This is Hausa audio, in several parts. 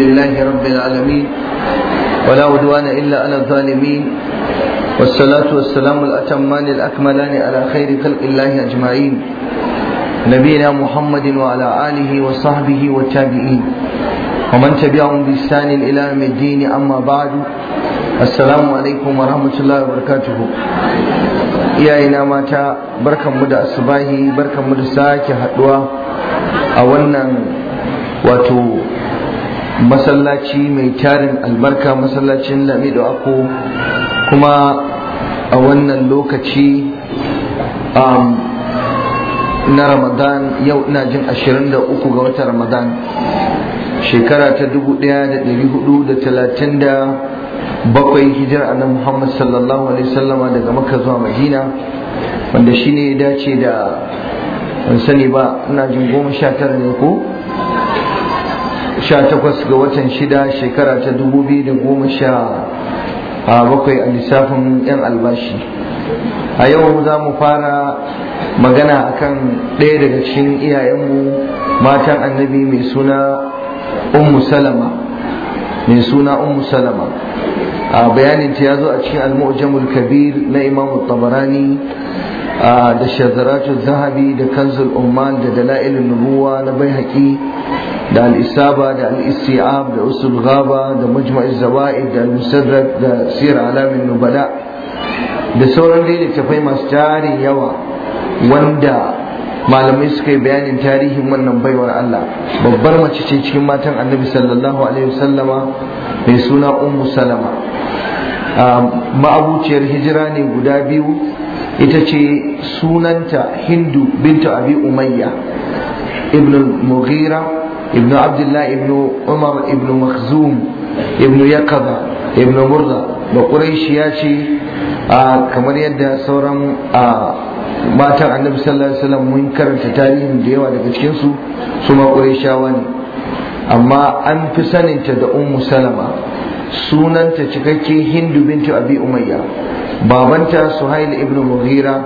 لله رب العالمين ولا عدوان إلا على الظالمين والصلاة والسلام الأتمان الأكملان على خير خلق الله أجمعين نبينا محمد وعلى آله وصحبه والتابعين ومن تبعهم بإحسان إلى يوم الدين أما بعد السلام عليكم ورحمة الله وبركاته iyayena mata barkanmu da asubahi barkanmu da sake haduwa a wannan wato masallaci mai tarin albarka masallacin lamido ako kuma a wannan lokaci um, na ramadan yau ina jin 23 ga wata ramadan shekara ta 1437 hijira na muhammad sallallahu alaihi sallama daga maka zuwa madina wanda shine ya dace da ban sani ba ina jin goma sha tara ne ko 18 ga watan shida shekara ta 2017 a lissafin 'yan albashi a yau za mu fara magana akan ɗaya daga cikin iyayenmu matan annabi mai suna ummu salama mai suna ummu salama a bayanin ta ya zo a cikin almu'jamul kabir na imamu tabarani da shazaratu zahabi da kanzul umman da dala'ilin nubuwa na bai haƙi da al-isaba da al-istiab da usul ghaba da majma'iz zawaid da al-musadrak da sir alamin nubala da sauran dai masu tarin yawa wanda malamai suka yi bayanin tarihin wannan baiwar Allah babbar mace ce cikin matan annabi sallallahu alaihi wasallama mai suna ummu salama ma'abuciyar hijira ne guda biyu ita ce sunanta hindu bintu abi umayya ibn mughira ابن عبد الله ابن عمر Ibnu مخزوم ابن يقظة ابن مرضى بقريش ياشي kamar yadda sauran matan annabi sallallahu alaihi wasallam mun karanta tarihin da yawa daga cikinsu. su su ma ne amma an fi saninta da ummu salama sunanta cikakke hindu bintu abi umayya babanta suhail Ibnu mughira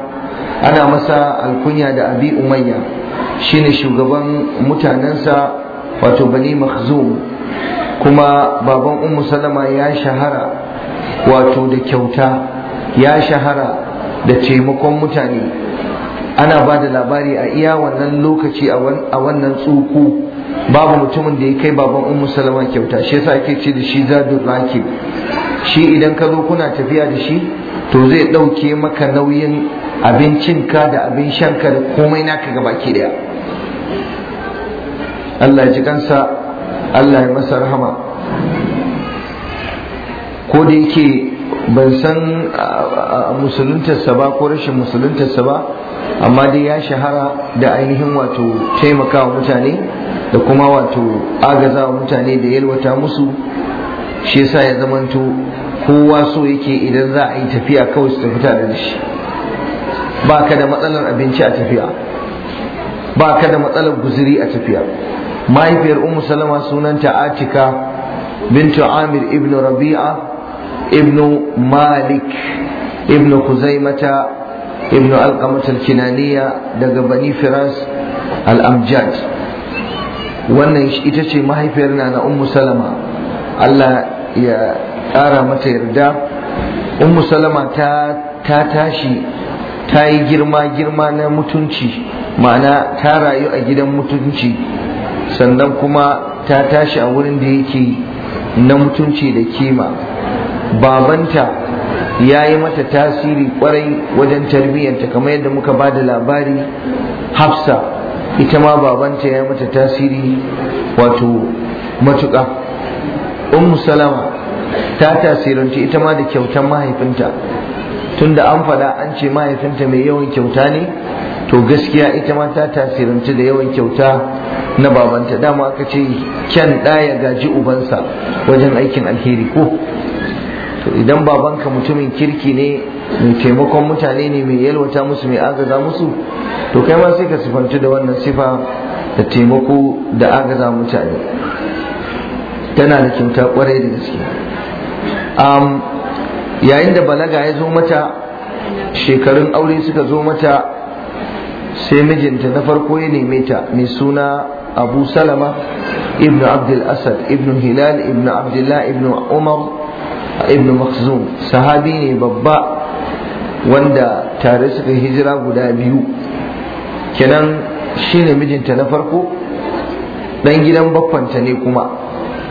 ana masa alkunya da abi umayya shine shugaban mutanensa wato bani makhzum kuma baban ummu salama ya shahara wato da kyauta ya shahara da taimakon mutane ana ba da labari a iya wannan lokaci a wannan tsuku babu mutumin da ya kai baban ummu salama kyauta shi yasa ake ce da shi zadu rakib shi idan ka zo kuna tafiya da shi to zai ɗauke maka nauyin abincinka da abin shanka da komai naka gaba ki daya Allah ya ji kansa Allah ya masa rahama ko da yake ban san musuluntarsa ba ko rashin musuluntarsa ba amma dai ya shahara da ainihin wato taimakawa mutane da kuma wato agazawa mutane da yalwata musu shi yasa ya zamanto kowa so yake idan za a yi tafiya kawai su tafi tare da shi ba ka da matsalar abinci a tafiya ba ka da matsalar guzuri a tafiya mahaifiyar umu salama sunanta atika bintu amir ibn rabi'a ibn malik ibn kuzaimata ibn alkamatar kinaniya daga bani firas al-amjad wannan ita ce mahaifiyar na na umu salama Allah ya ƙara mata yarda ummu salama ta ta tashi ta yi girma girma na mutunci ma'ana ta rayu a gidan mutunci sannan kuma ta tashi a wurin da yake na mutunci da kima babanta ya yi mata tasiri kwarai wajen tarbiyyanta kamar yadda muka ba da labari hafsa ita ma babanta ya yi mata tasiri wato matuƙa ummu salama ta tasiranci ita ma da kyautan mahaifinta tunda an faɗa an ce mahaifinta mai yawan kyauta ne to gaskiya ita ma ta tasirinta da yawan kyauta na babanta dama aka ce kyan ɗaya gaji ubansa wajen aikin alheri ko to idan babanka mutumin kirki ne mai taimakon mutane ne mai yalwata musu mai agaza musu to kai ma sai ka sifantu da wannan sifa da taimako da agaza mutane tana da kyauta kwarai da gaske yayin da balaga ya zo mata shekarun aure suka zo mata sai mijinta na farko ya neme ta mai suna abu salama ibn abdul asad ibn hilal ibn abdullah ibn umar ibn makhzum sahabi ne babba wanda tare suka hijira guda biyu kenan shi ne mijinta na farko dan gidan baffanta ne kuma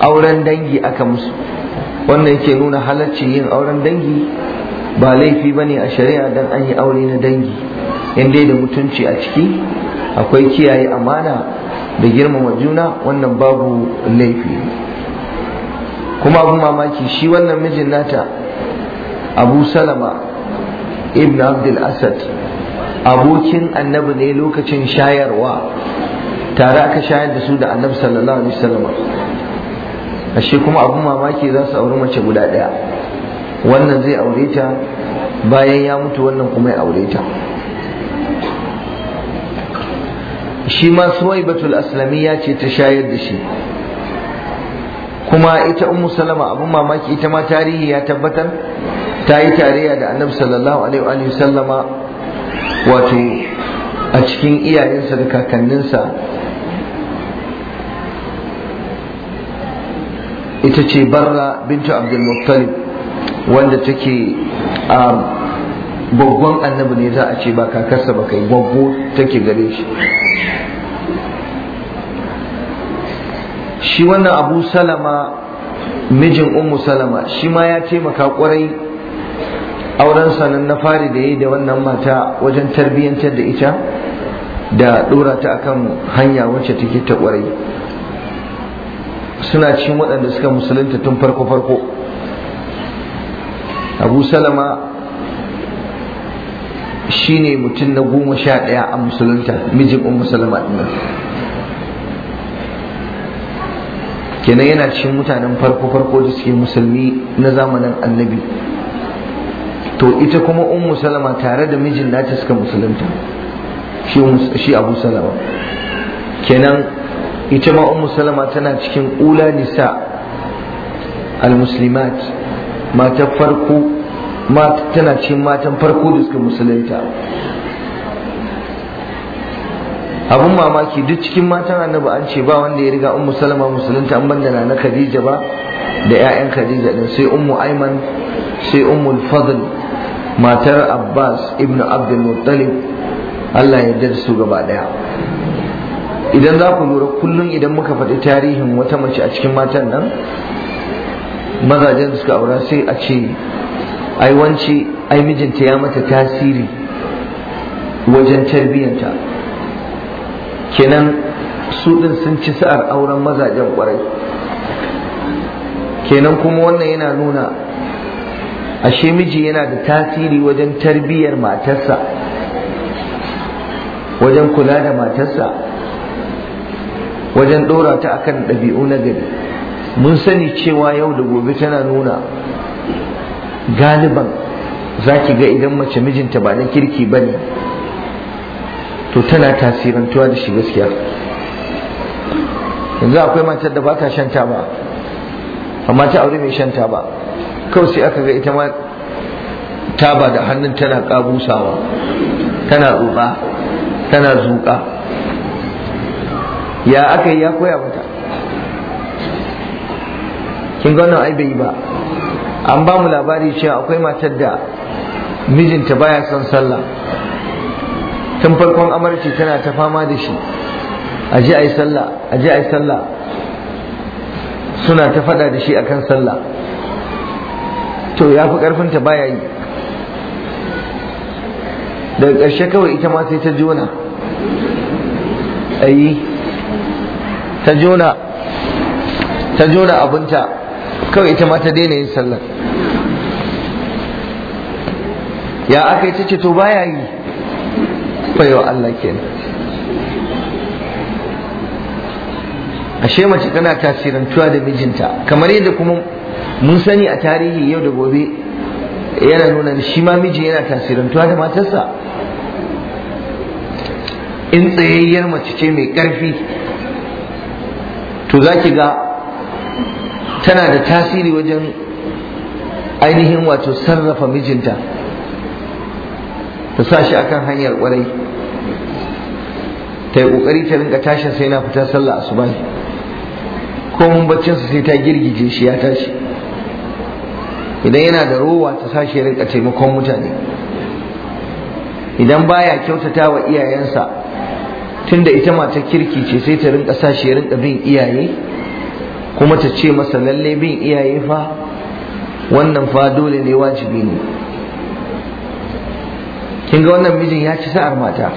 auren dangi aka musu wannan yake nuna halarci yin auren dangi ba laifi bane a shari'a dan an yi aure na dangi inda dai da mutunci a ciki akwai kiyaye amana da girmama juna wannan babu laifi kuma Abu mamaki shi wannan mijin nata abu salama ibn abdul asad abokin annabi ne lokacin shayarwa tare aka shayar da su da annabi sallallahu alaihi wasallam ashe kuma Abu mamaki za su auri mace guda ɗaya wannan zai aure ta bayan ya mutu wannan kuma ya aure ta shi ma batul aslamiya ce ta shayar da shi kuma ita ummu salama abin mamaki ita ma tarihi ya tabbatar ta yi tarayya da annabi sallallahu alaihi wa sallama wato a cikin iyayensa da kakanninsa ita ce barra bintu abdulmuttalib wanda take um, gwaggon annabi ne za a ce ba kakarsa ba kai gwaggo take gare shi shi wannan abu salama mijin ummu salama shi ma ya taimaka kwarai auren sanan na fari da yi da wannan mata wajen tarbiyyantar da ita da dora ta akan hanya wacce take ta kwarai suna cin waɗanda suka musulunta tun farko-farko abu salama shine mutum na goma sha ɗaya a musulunta mijin ummu musulma ɗin kenan yana cikin mutanen farko farko da suke musulmi na zamanin annabi to ita kuma un musulma tare da mijin nata suka musulunta shi abu salama kenan ita ma un musulma tana cikin ula nisa al-muslimat mata farko tana cikin matan farko da suka musulunta abun mamaki duk cikin matan annabi an ce ba wanda ya riga ummu salama musulunta an bandana na khadija ba da 'ya'yan khadija din sai ummu aiman sai ummu fadl matar abbas ibn abdul muttalib allah ya yarda su gaba daya idan za ku lura kullum idan muka faɗi tarihin wata mace a cikin matan nan mazajen suka aura sai a ce ai wanci ai mijinta ya mata tasiri wajen tarbiyyanta kenan su din sun ci sa'ar auren mazajen kwarai kenan kuma wannan yana nuna ashe miji yana da tasiri wajen tarbiyyar matarsa wajen kula da matarsa wajen ɗora ta akan ɗabi'u na gari mun sani cewa yau da gobe tana nuna galiban za ki ga idan mace mijinta ba na kirki ba ne to tana tasirantuwa da shi gaskiya yanzu akwai matar da ba ta shan taba amma ta aure mai shan taba kawai sai aka ga ita ma taba da hannun tana kabusawa tana roƙa tana zuƙa ya aka yi ya koya mata kin ga wannan ai bai ba an ba mu labari cewa akwai matar da mijinta baya son sallah tun farkon amarci tana ta fama da shi a ji a yi sallah a ji ai sallah suna ta faɗa da shi akan sallah to ya fi ƙarfinta baya yi daga ƙarshe kawai ita ma sai ta jona ayi ta jona ta jona abinta kawai ita ma ta daina yin sallar ya aka yi ce to baya yi baiwa Allah kenan ashe mace tana tasirantuwa da mijinta kamar yadda kuma mun sani a tarihi yau da gobe yana nuna shi ma miji yana tasirantuwa da matarsa in tsayayyar mace ce mai ƙarfi to za ki ga tana da tasiri wajen ainihin wato sarrafa mijinta ta sa shi akan hanyar kwarai ta yi kokari ta rinka tashi sai na fita sallah asuba ko mun baccin sai ta girgije shi ya tashi idan yana da rowa ta sa shi rinka taimakon mutane idan baya kyautata wa iyayensa tunda ita mata kirki ce sai ta rinka sa shi rinka bin iyaye kuma ta ce masa lalle bin iyaye fa wannan fa dole ne wajibi ne kin ga wannan mijin ya ci sa'ar mata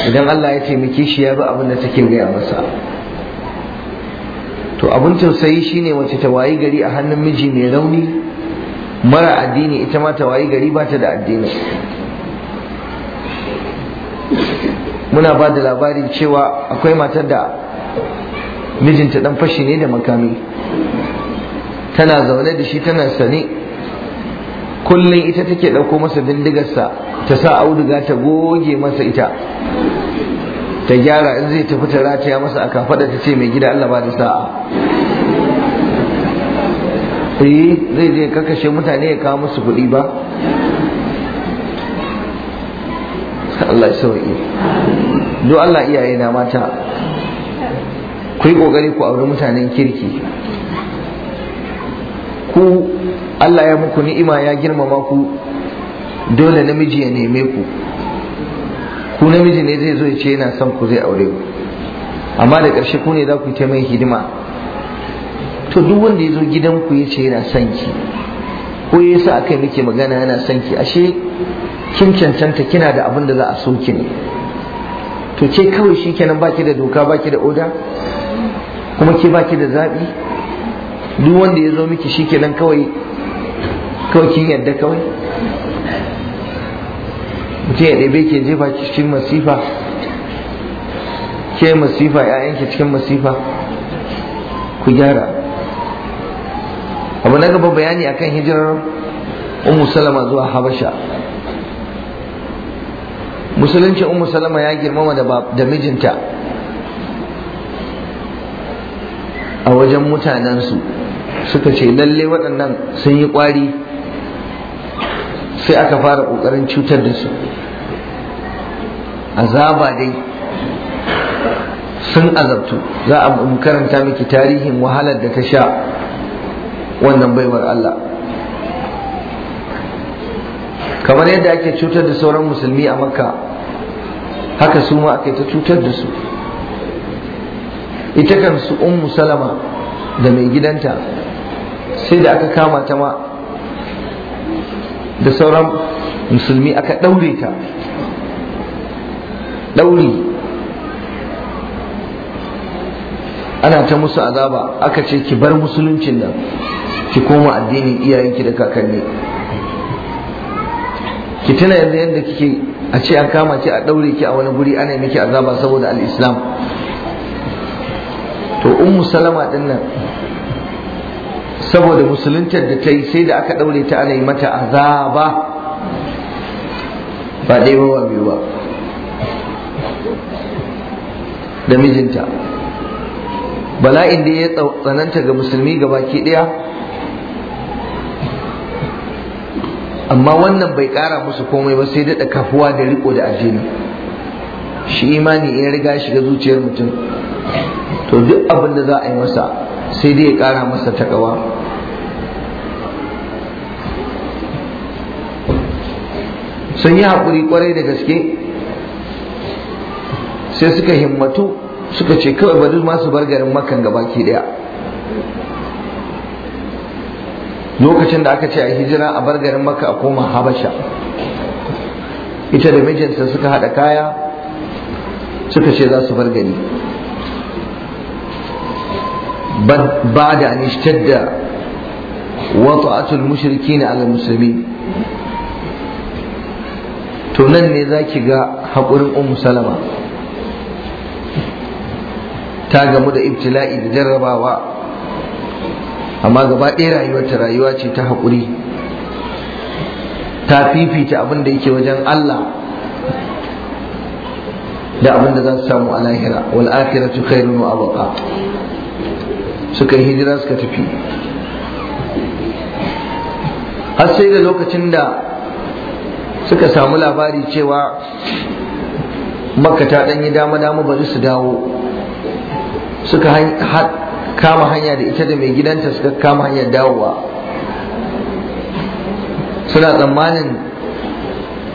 idan Allah ya taimake shi ya bi abin da take gaya masa to abin tausayi shine wacce ta wayi gari a hannun miji mai rauni mara addini ita ma ta wayi gari ba ta da addini muna ba da labari cewa akwai matar da mijinta dan fashi ne da makami tana zaune da shi tana sane kullum ita take ɗauko masa bindigarsa ta sa auduga ta goge masa ita ta gyara in zai tafi ta rataya masa aka faɗa ta ce mai gida Allah ba da sa'a eh zai je kakashe mutane ya kawo musu kuɗi ba Allah sauƙi do Allah iyaye na mata ku yi ƙoƙari ku auri mutanen kirki ku Allah ya muku ni'ima ya girmama ku dole namiji ya neme ku ku namiji ne zai zo ya ce yana son ku zai aure ku amma da ƙarshe ku ne za ku yi ta mai hidima to duk wanda ya zo gidan ku ya ce yana son ki ko ya sa aka yi muke magana yana son ki ashe kin cancanta kina da abin da za a so ki ne to ce kawai shi kenan baki da doka baki da oda kuma ke baki da zaɓi duk wanda ya zo miki shi kenan kawai kawai kin yadda kawai mutum ya ɗebe ke jefa cikin masifa ke masifa ‘ya'yanki cikin masifa ku gyara abu na gaba bayani akan hijirar umu salama zuwa habasha musulunci umu salama ya girmama da mijinta a wajen mutanensu suka ce lalle waɗannan sun yi ƙwari sai aka fara ƙoƙarin cutar da su azaba dai sun azabtu za a karanta miki tarihin wahalar da ta sha wannan baiwar Allah kamar yadda ake cutar da sauran musulmi a makka haka su ma aka ta cutar da su ita kan su ummu salama da mai gidanta sai da aka kama ta ma da sauran musulmi aka ɗaure ta ɗauri ana ta musu azaba aka ce ki bar musuluncin nan ki koma addinin iyayenki da kakanni ki tuna yanzu yadda kike a ce an kama ki a ɗaure ki a wani guri ana yi miki azaba saboda Al'islam. islam to ummu salama din nan saboda musuluntar da ta yi sai da aka ɗaure ta ana yi mata azaba ba ɗaya ba biyu ba da mijinta bala'in da ya tsananta ga musulmi ga baki ɗaya amma wannan bai ƙara musu komai ba sai daɗa kafuwa da riko da ajini shi imani ya riga shiga zuciyar mutum to duk abin da za a yi masa sai dai ya ƙara masa takawa sun yi haƙuri kwarai da gaske sai suka himmatu suka ce kawai bari ma su bar garin makan gaba ke daya lokacin da aka ce a hijira a bar garin maka a koma habasha ita da mijinsa suka haɗa kaya suka ce za su bar gari ba da wata ishtadda wata'atul mushrikina ala musulmi to nan ne za ki ga haƙurin umu salama ta gamu da ibtila'i da jarrabawa amma gaba ɗaya rayuwarta rayuwa ce ta haƙuri ta fifita abin da yake wajen Allah da abin da za su samu a lahira wal akhiratu khairun wa abqa suka yi hijira suka tafi har sai da lokacin da suka samu labari cewa makka ta dan yi dama dama bari su dawo suka kama hanya da ita da mai gidanta suka kama hanyar dawowa suna tsammanin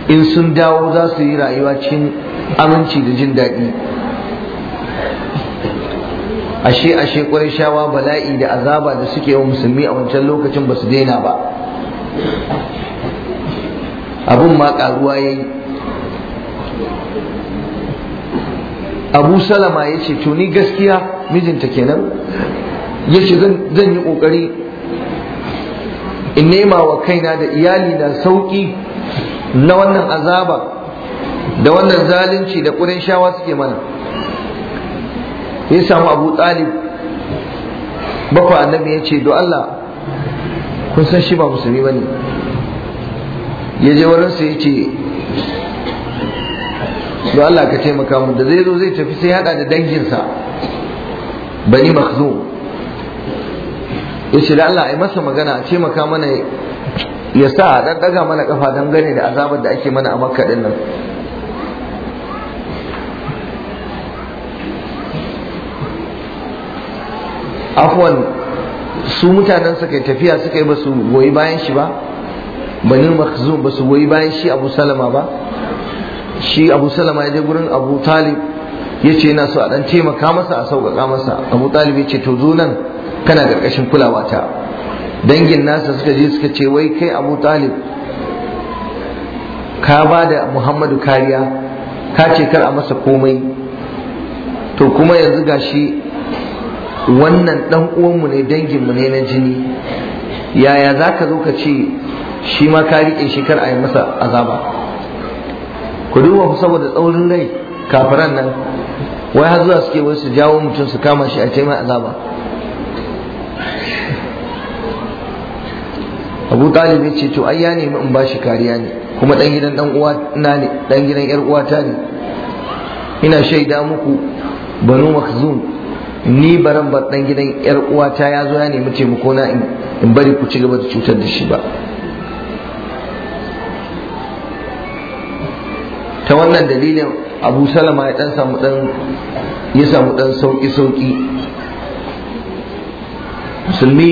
in sun dawo za su yi rayuwa cikin aminci da jin daɗi ashe ashe shawa bala'i da azaba da suke wa musulmi a wancan lokacin ba su daina ba abun ma karuwa ya yi abu salama ya ce to ni gaskiya mijinta kenan ya ce zan yi ƙoƙari in nema wa kaina da iyali na sauƙi na wannan azaba da wannan zalunci da ƙudan shawa suke mana ya samu abu talib bafa annabi ya ce do Allah kun san shi ba musulmi ba ne ya je su ya ce don Allah ka taimaka mu da zai zo zai tafi sai hada da danginsa bani makhzum ya ce da Allah ai masa magana a taimaka mana ya sa a ɗaga mana kafa dangane da azabar da ake mana a makka din nan afwan su mutanen suka tafiya suka yi ba su goyi bayan shi ba bani makhzum ba su goyi bayan shi abu salama ba shi abu salama ya je gurin abu talib ya ce yana so a dan taimaka masa a sauƙaƙa masa abu talib ya ce to zo nan kana ƙarƙashin kulawa ta dangin nasa suka je suka ce wai kai abu talib ka ba da muhammadu kariya ka ce kar a masa komai to kuma yanzu gashi wannan dan uwanmu ne danginmu ne na jini yaya za ka zo ka ce shi ma ka riƙe shi kar a yi masa azaba ku duba ku saboda tsaurin rai kafiran nan wai har zuwa suke wai su jawo mutum su kama shi a ce mai azaba abu talibi ce to ai ya nemi in bashi kariya ne kuma dan gidan dan uwa na ne dan gidan yar uwata ne ina shaida muku banu makhzum ni baran bar dan gidan yar uwata ya yazo ya nemi taimako na in bari ku ci gaba da cutar da shi ba wannan dalilin abu salama ya samu dan sauƙi sauƙi. musulmi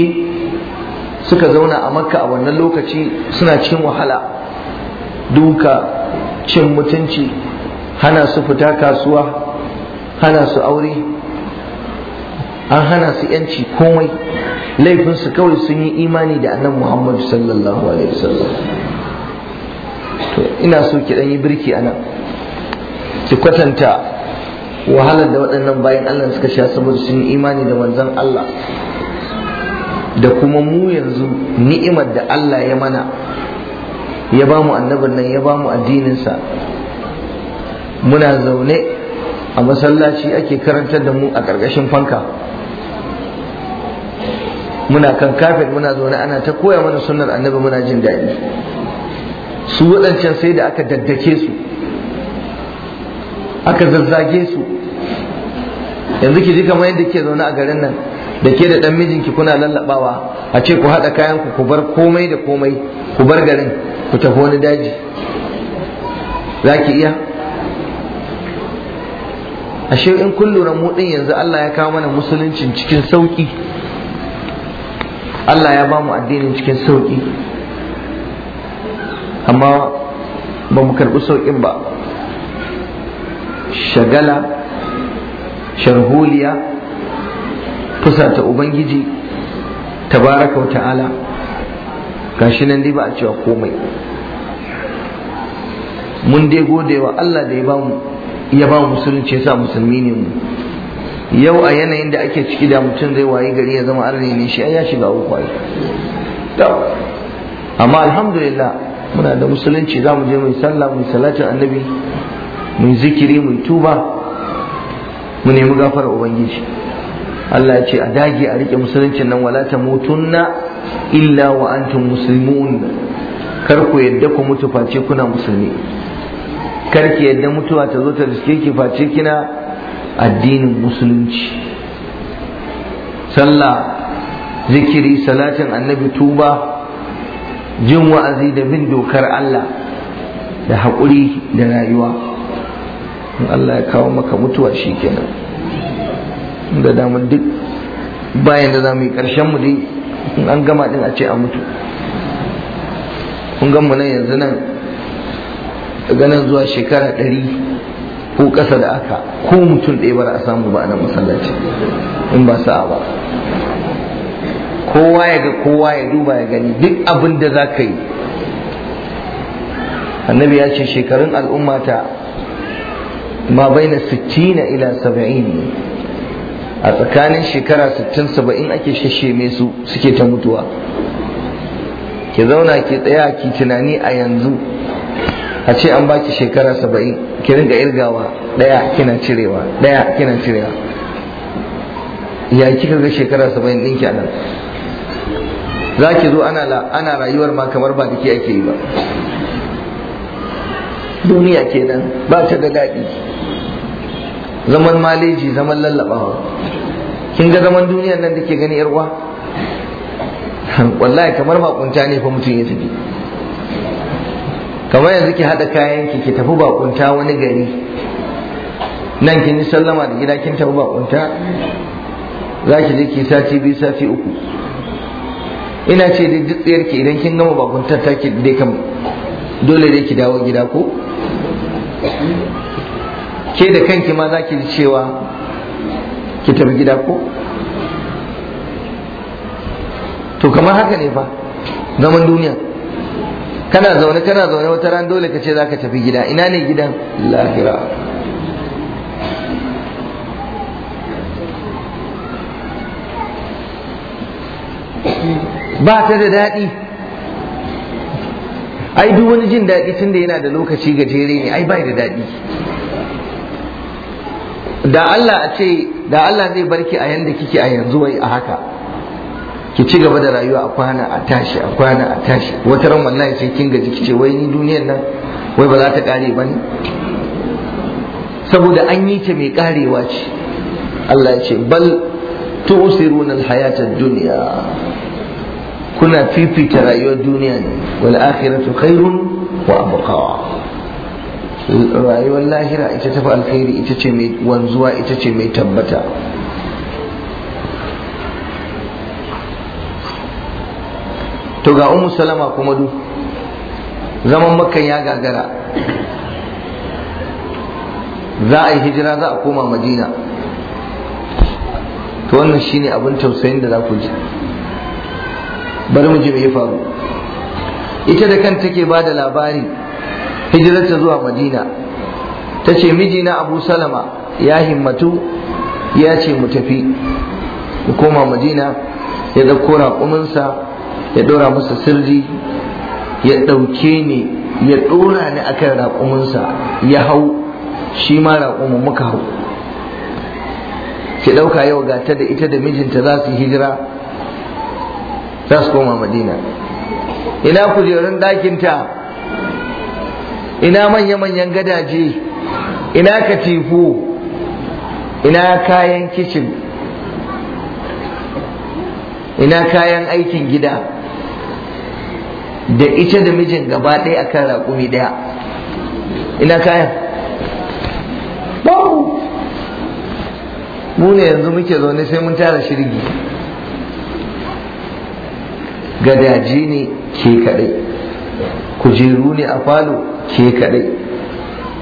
suka zauna a makka a wannan lokaci suna cikin wahala duka cin mutunci hana su fita kasuwa hana su aure an hana su yanci komai laifinsu kawai sun yi imani da annabi muhammadu sallallahu alaihi wasallam ina so ki dan yi birki a nan. ki kwatanta wahalar da waɗannan bayan Allah suka sha saboda sun imani da manzon Allah da kuma mu yanzu ni'imar da Allah ya mana ya ba mu annabin nan ya ba mu addininsa muna zaune a masallaci ake karantar da mu a ƙarƙashin fanka muna kan kafet muna zaune ana ta koya mana sunnar annabi muna jin daɗi su waɗancan sai da aka daddake su aka zazzage su yanzu ki ji kamar yadda ke zaune a garin nan da ke da dan mijinki kuna lallabawa a ce ku haɗa kayan ku ku bar komai da komai ku bar garin ku tafi wani daji za ki iya ashe in kun lura mu din yanzu Allah ya kawo mana musuluncin cikin sauki Allah ya ba mu addinin cikin sauki amma ba mu karɓi sauƙin ba shagala sharholiya fusata ubangiji tabaraka wa ta'ala gashi nan dai ba a cewa komai mun dai gode wa Allah da ya ba mu musulunci yasa musulmi ne mu yau a yanayin da ake ciki da mutum zai wayi gari ya zama arne ne shi "Ai ya shiga uku ai amma alhamdulillah muna da musulunci za mu je mai sallah mai salatin annabi Mun zikiri mun tuba mu nemi gafara ubangiji Allah ya ce a dage a rike musuluncin nan wala ta mutunna illa wa antum muslimun kar ku yadda ku mutu face kuna musulmi kar ki yadda mutuwa ta zo ta riske ki face kina addinin musulunci sallah zikiri salatin annabi tuba jin wa'azi da bin dokar Allah da haƙuri da rayuwa in Allah ya kawo maka mutuwa shi kenan da damar duk bayan da za mu yi ƙarshen mu dai in an gama din a ce a mutu kun mu nan yanzu nan daga nan zuwa shekara ɗari ko ƙasa da aka ko mutum ɗaya ba a samu ba a nan masallaci in ba sa'a ba kowa ya ga kowa ya duba ya gani duk abin da za ka yi annabi ya ce shekarun al'ummata ma baina 60 ila 70 a tsakanin shekara 60 70 ake shasheme su suke ta mutuwa ki zauna ki tsaya ki tunani a yanzu a ce an baki shekara 70 ki rinka irgawa daya kina cirewa daya kina cirewa ya kika ga shekara 70 ɗinki a nan za ki zo ana rayuwar ma kamar ba biki ake yi ba duniya kenan ba ta da daɗi zaman maleji zaman lallabawa kin ga zaman duniyar nan da ke gani yar wallahi kamar bakunta ne fa mutum ya tafi kamar yanzu ki haɗa kayan ki ki tafi bakunta wani gari nan kin yi sallama da gida kin tafi bakunta za ki je ki sati biyu sati uku ina ce da jitsiyar ki idan kin gama bakuntar ta ki dai kam dole dai ki dawo gida ko ke da kanki ma za ki ji cewa ki tafi gida ko to kamar haka ne fa zaman duniya kana zaune kana zaune wata ran dole ka ce za ka tafi gida ina ne gidan lahira ba ta da daɗi ai duk wani jin daɗi tunda yana da lokaci gajere ne ai bai da daɗi da Allah a ce da Allah zai barki a yanda kike a yanzu wai a haka ki ci gaba da rayuwa a kwana a tashi a kwana a tashi wata ran wallahi sai kin gaji kice wai ni duniyar nan wai ba za ta kare ba ne saboda an yi ta mai karewa ce Allah ya ce bal tu'siruna al ad-dunya kuna fifita rayuwar duniya ne wal akhiratu khairun wa abqa rayuwar lahira ita tafi alkhairi ita ce mai wanzuwa ita ce mai tabbata to ga umu salama kuma du zaman makan ya gagara za a yi hijira za a koma madina to wannan shine abin tausayin da za ku ji bari mu ji mai faru ita da kan take ba da labari ta zuwa madina ta ce mijina abu salama ya himmatu ya ce mu tafi mu koma madina ya ɗauko raƙuminsa ya ɗora masa sirri ya ɗauke ni ya ɗora ni akan raƙuminsa ya hau shi ma raƙumin muka hau ki ɗauka yau gata da ita da mijinta za su hijira za su koma madina ina kujerun ɗakinta ina manya-manyan gadaje ina katifu ina kayan kicin ina kayan aikin gida da ita da mijin gaba ɗaya a kan raƙumi ɗaya ina kayan babu mu ne yanzu muke zaune sai mun tara shirgi gadaji ne ke kaɗai kujeru ne a falo ke kadai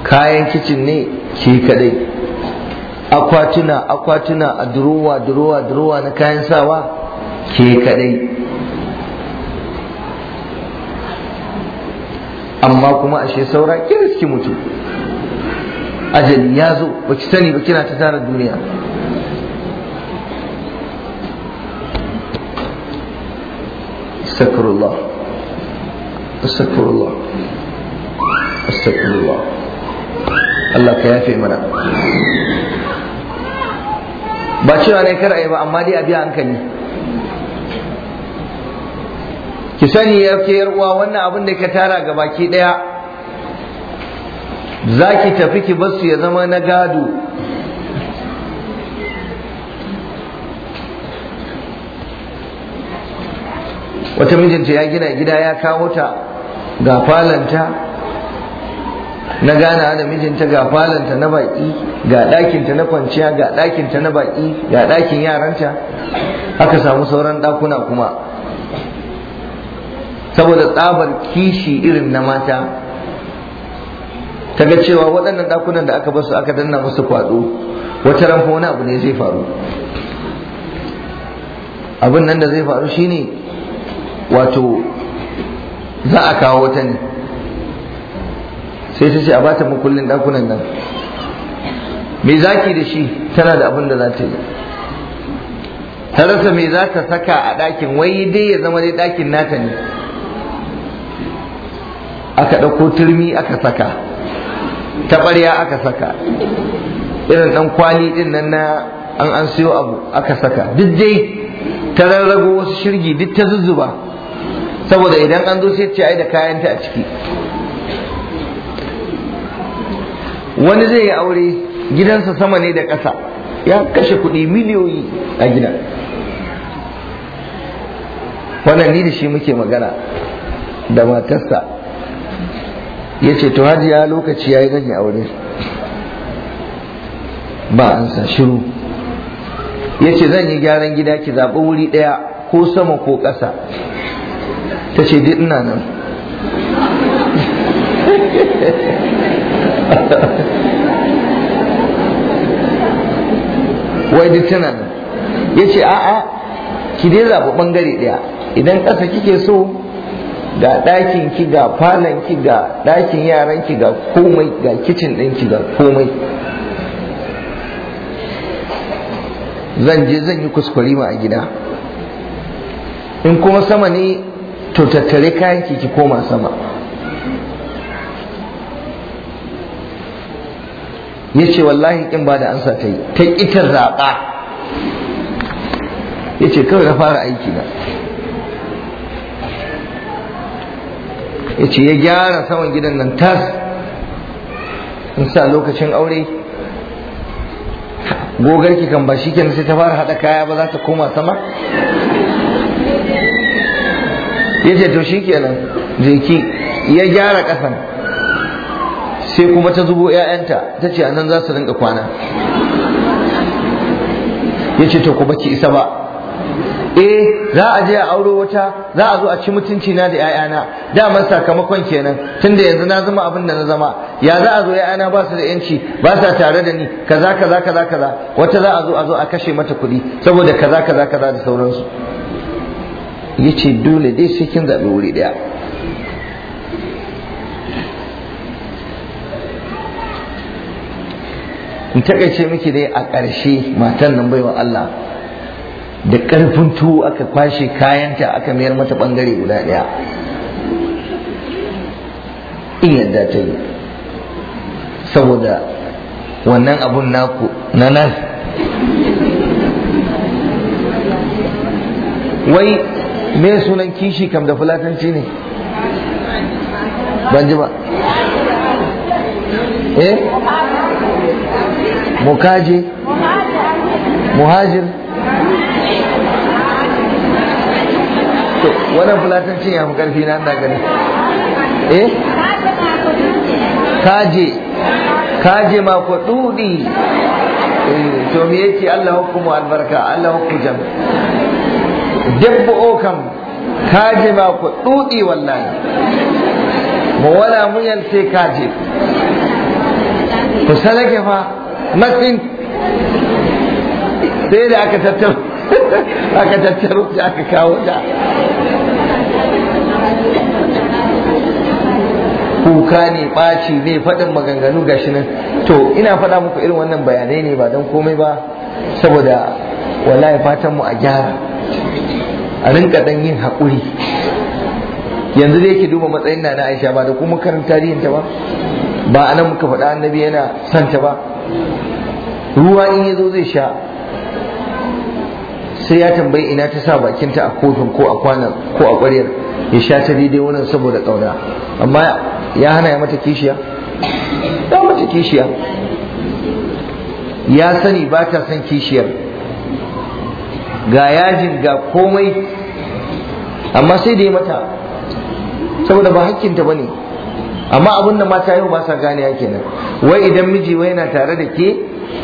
kayan kicin ne ke kadai akwatuna akwatuna a durowa durowa durowa na kayan sawa ke kadai amma kuma ashe saura ki suke mutu ajali ya zo baki sani ba kina ta tara duniya استغفر الله استغفر الله astagfirullah Allah ka yafe mana ba cewa ne kar a ba amma dai a biya hankali ki sani ya ke uwa wannan abin da ka tara ga baki daya za ki tafi ki basu ya zama na gado wata mijinta ya gina gida ya kawo ta ga falanta na gana da mijinta ga falanta na baki ga ɗakinta na kwanciya ga ɗakinta na baki ga ɗakin yaranta aka samu sauran ɗakuna kuma saboda tsabar kishi irin na mata ta ga cewa waɗannan ɗakunan da aka basu aka danna musu kwaɗo wata ran wani abu ne zai faru abin nan da zai faru shine wato za a kawo wata ne sai ta ce a bata makullin dakunan nan me zaki da shi tana da abin da za ta yi ta rasa me za ta saka a ɗakin wai dai ya zama dai ɗakin nata ne aka ɗauko turmi aka saka taɓarya aka saka irin ɗan kwali ɗin nan na an an siyo abu aka saka duk dai ta rarrago wasu shirgi duk ta zuzzuba saboda idan an zo sai ce ai da kayanta a ciki wani zai yi aure gidansa sama ne da ƙasa ya kashe kuɗi miliyoyi a gidan wannan ni da shi muke magana da matarsa ya ce to hajiya lokaci ya yi zan yi aure ba an sa shiru ya ce zan yi gyaran gida ki zaɓi wuri ɗaya ko sama ko ƙasa ta ce duk ina nan wai duk tana ya ce a'a ki dai zaɓi ɓangare ɗaya idan ƙasa kike so ga ɗakin ki ga falon ki ga ɗakin yaran ki ga komai ga kicin ɗin ki ga komai zan je zan yi kuskure ma a gida in kuma sama ne to tattare kayan ki ki koma sama yace wallahi kin ba da ansa ta yi ta kitar ya yace kawai na fara aiki na yace ya gyara saman gidan nan tas in sa lokacin aure gogarki kan ba shi kenan sai ta fara haɗa kaya ba za ta koma sama ya ce to shi kenan je ki ya gyara ƙasan sai kuma ta zubo 'ya'yanta ta ce nan za su rinka kwana ya ce to kuma ki isa ba eh za a je a auro wata za a zo a ci mutunci na da 'ya'yana damar sakamakon kenan tunda yanzu na zama abin da na zama ya za a zo 'ya'yana ba su da yanci ba sa tare da ni kaza kaza kaza kaza wata za a zo a zo a kashe mata kuɗi saboda kaza kaza kaza da sauransu ya ce dole dai sai kin zaɓi wuri ɗaya in takaice miki dai a ƙarshe matan nan baiwa Allah da ƙarfin tuwo aka kwashe kayanta aka mayar mata ɓangare guda ɗaya in yadda ta yi saboda wannan abun naku na nan wai me sunan kishi kam da fulatanci ne ban ji ba eh mukaje muhajir to wannan fulatancin ya fi karfi na ina gani eh kaje kaje ma ku dudi eh, to me yake Allah hukumu albarka Allah hukujam dabbo okam kaje ma ku dudi wallahi mu wala mu yalce kaje ku salake fa masin سيدي da aka tattaro aka tattaro da aka kawo ta ne ɓaci ne faɗin maganganu gashi nan to ina faɗa muku irin wannan bayanai ne ba don komai ba saboda wallahi fatan mu a gyara a rinka ɗan yin haƙuri yanzu dai ke duba matsayin na na aisha ba da kuma karin tarihinta ba ba anan muka faɗa annabi yana santa ba ruwa in ya zo zai sha sai ya tambayi ina ta sa bakinta a kofin ko a kwanan ko a ƙwaryar ya sha ta daidai wannan saboda ƙauna amma ya hana ya mata kishiya ya mata kishiya ya sani ba ta son kishiyar ga yajin ga komai amma sai da ya mata saboda ba hakkinta ba ne amma abin da mata yau ba sa gane nan, wai idan miji wai yana tare da ke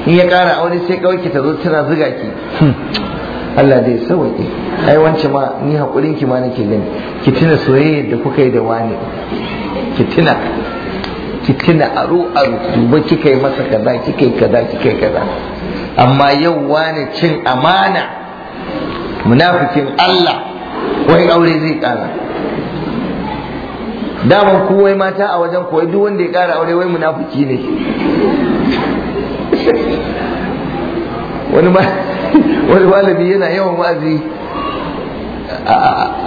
in ya ƙara aure sai kawai ta zo tana zuga ki hmm. Allah dai sauke ai wance ma ni hakurin ki ma nake gani ki tuna soyayyar da kuka yi da wani ki tuna ki tuna aro aro ba kika yi masa kaza kika yi kaza kika yi kaza amma yau wani cin amana munafikin Allah wai aure zai kara daman kowai mata a wajen koyi duk wanda ya ƙara aure wai munafuki ne wani malami yana yawan wa'azi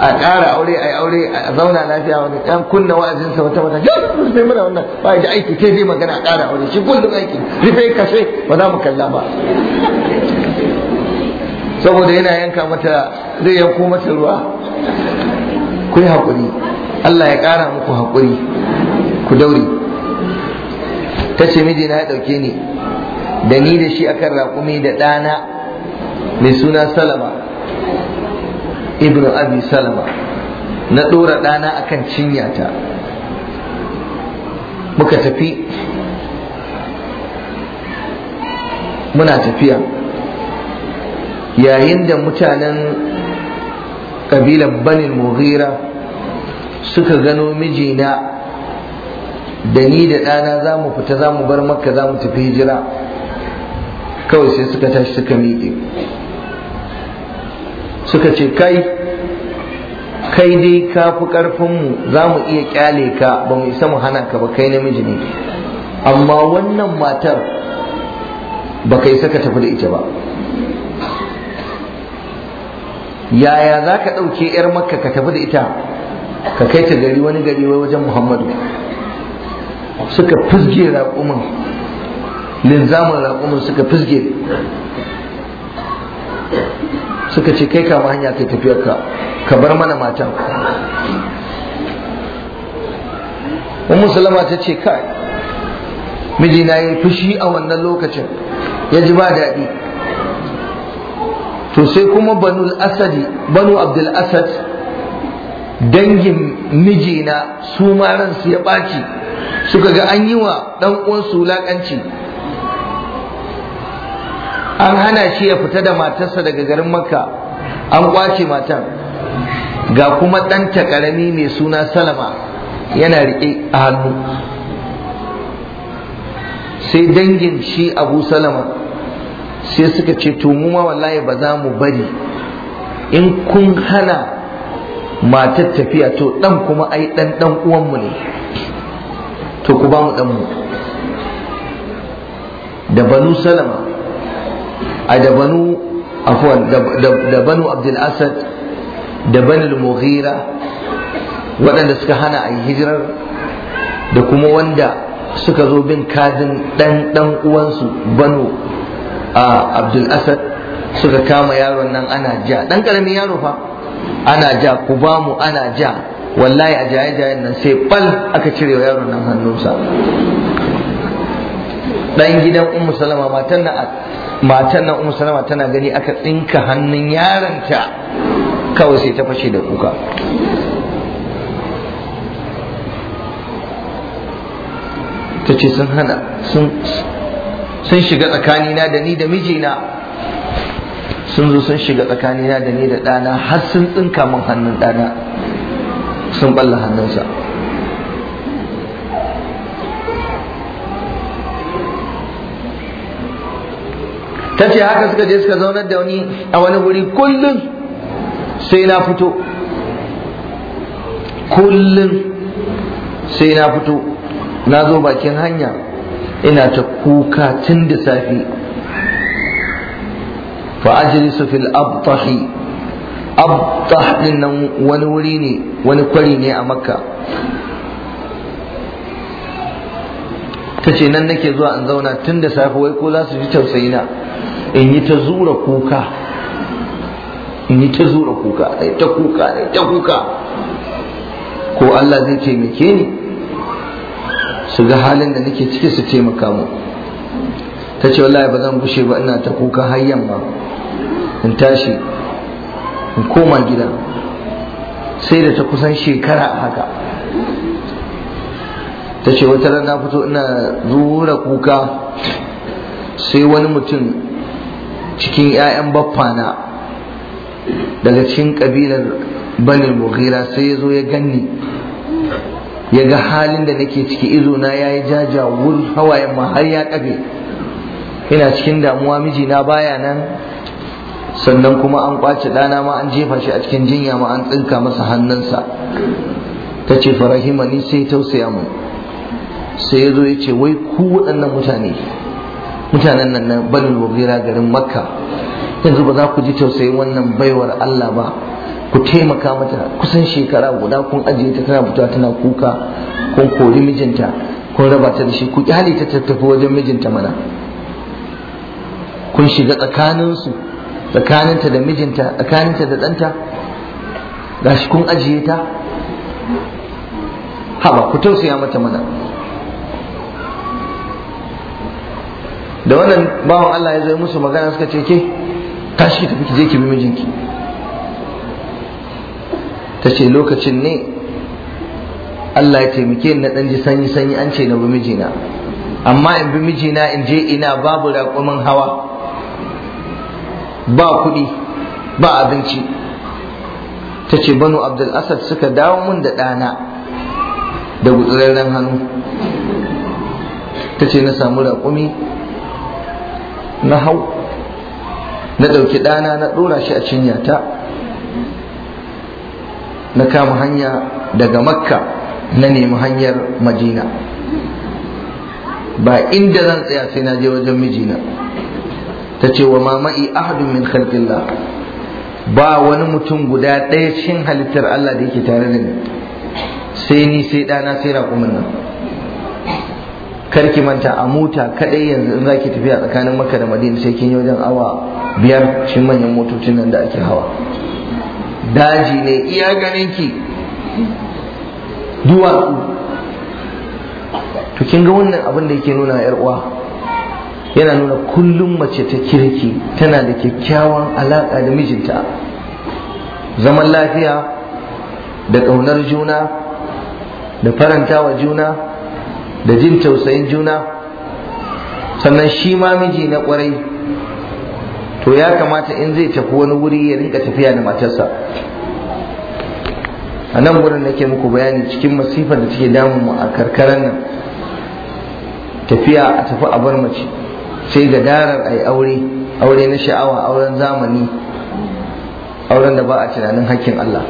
a ƙara aure a aure a zauna lafiya wani ɗan kunna wa'azinsa wata wata ya sai mana wannan ba da aiki ke zai magana a ƙara aure shi kullum aiki rufe kashe ba za mu kalla ba saboda yana yanka mata zai yanko mata ruwa ku yi haƙuri Allah ya ƙara muku haƙuri ku daure ta ce na ya ɗauke ni da ni da shi akan raƙumi da ɗana mai suna salama Ibn abi salama na ɗora ɗana akan cinyata muka tafi muna tafiya yayin da mutanen ƙabilar banin mughira suka gano mijina da ni da ɗana za mu fita za mu bar makka za mu tafi hijira kawai sai suka tashi suka miƙe suka ce kai kai dai ka fi ƙarfinmu za mu iya ƙyale ka ba mu isa mu hana ka ba kai namiji ne amma wannan matar ba kai saka tafi da ita ba yaya za ka ɗauke 'yar makka ka tafi da ita ka kai ta gari wani gari wai wajen muhammadu suka fizge raƙumin linzamin raƙumin suka fizge suka ce kai kama hanya kai tafiyarka ka bar mana matan ummu salama ta ce kai mijina ya fushi a wannan lokacin ya ji ba daɗi to sai kuma banu banu abdul asad dangin mijina su ma ransu ya ɓaci suka ga an yi wa ɗan uwansu lakanci an hana shi ya fita da matarsa daga garin makka an ƙwace matan ga kuma ɗanta ƙarami mai suna salama yana riƙe a hannu sai dangin shi abu salama sai suka ce to mu ma wallahi ba za mu bari in kun hana matar tafiya to dan kuma ai dan dan uwanmu ne to ku ba mu dan mu da banu salama a da banu afwan da banu abdul asad da banu mughira waɗanda suka hana a yi hijirar da kuma wanda suka zo bin kadin dan dan uwansu banu abdul asad suka kama yaron nan ana ja dan ƙaramin yaro fa ana ja ku ba mu ana ja wallahi a jaye jayen nan sai bal aka cire wa yaron nan hannunsa dan gidan ummu salama matan na matan na ummu salama tana gani aka tsinka hannun yaronta kawai sai ta fashe da kuka ta ce sun hana sun shiga tsakanina da ni da mijina sun zo sun shiga tsakanina da ni da ɗana har sun tsinka min hannun ɗana sun balla hannunsa ta ce haka suka je suka zaunar da wani a wani wuri kullum sai na fito kullum sai na fito na zo bakin hanya ina ta kuka tun da safe. fa ajlisu fil abtahi abtah din nan wani wuri ne wani kwari ne a makka ta ce nan nake zuwa in zauna tun da safe wai ko za su ji tausayina in yi ta zura kuka in yi ta zura kuka ai ta kuka ai ta kuka ko Allah zai taimake ni su ga halin da nake ciki su taimaka mu ta ce wallahi ba zan gushe ba ina ta kuka har yamma in tashi in koma gida sai da ta kusan shekara haka ta ce wata rana fito ina zura kuka sai wani mutum cikin 'ya'yan baffana daga cikin kabilar banin mughira sai ya zo ya ganni ya ga halin da nake ciki na ya yi jaja wur hawayen ma har ya kabe ina cikin damuwa mijina baya nan sannan kuma an kwace ɗana ma an jefa shi a cikin jinya ma an tsinka masa hannunsa ta ce farahima ni sai tausaya mu sai ya zo ya ce wai ku waɗannan mutane mutanen nan na banin wabira garin makka yanzu ba za ku ji tausayin wannan baiwar allah ba ku taimaka mata kusan shekara guda kun ajiye ta tana fitowa tana kuka kun kori mijinta kun raba ta da shi ku kyale ta tattafi wajen mijinta mana kun shiga tsakaninsu tsakaninta da mijinta tsakaninta da ɗanta gashi kun ajiye ta haba ku tausaya mata mana da wannan bawan Allah ya zo musu magana suka ce ke tashi tafi ki je ki bi mijinki ta ce lokacin ne Allah ya taimake ni na ɗan ji sanyi sanyi an ce na bi mijina amma in bi mijina in je ina babu raƙumin hawa ba kuɗi ba abinci ta ce banu abdul asad suka dawo mun da ɗana da gutsurarren hannu ta ce na samu raƙumi na hau na ɗauki ɗana na ɗora shi a cinyata na kama hanya daga makka na nemi hanyar madina ba inda zan tsaya sai na je wajen mijina ta ce wa mama'i ahadun min khalqillah ba wani mutum guda ɗaya cin halittar Allah da yake tare da ni sai ni sai ɗana sai raƙumin nan karki manta a mota kaɗai yanzu in zaki tafiya tsakanin maka da madina sai kin yi wajen awa biyar cikin manyan motocin nan da ake hawa daji ne iya ki. duwatsu to kin ga wannan abin da yake nuna yar uwa yana nuna kullum mace ta kirki tana da kyakkyawan alaƙa da mijinta zaman lafiya da ƙaunar juna da farantawa juna da jin tausayin juna sannan shi ma miji na ƙwarai to ya kamata in zai tafi wani wuri ya rinka tafiya da matarsa a nan wurin nake muku bayani cikin masifar da take damun mu a karkarar nan tafiya a tafi a bar mace sai gadarar ai aure aure na sha'awa auren zamani auren da ba a tunanin hakkin Allah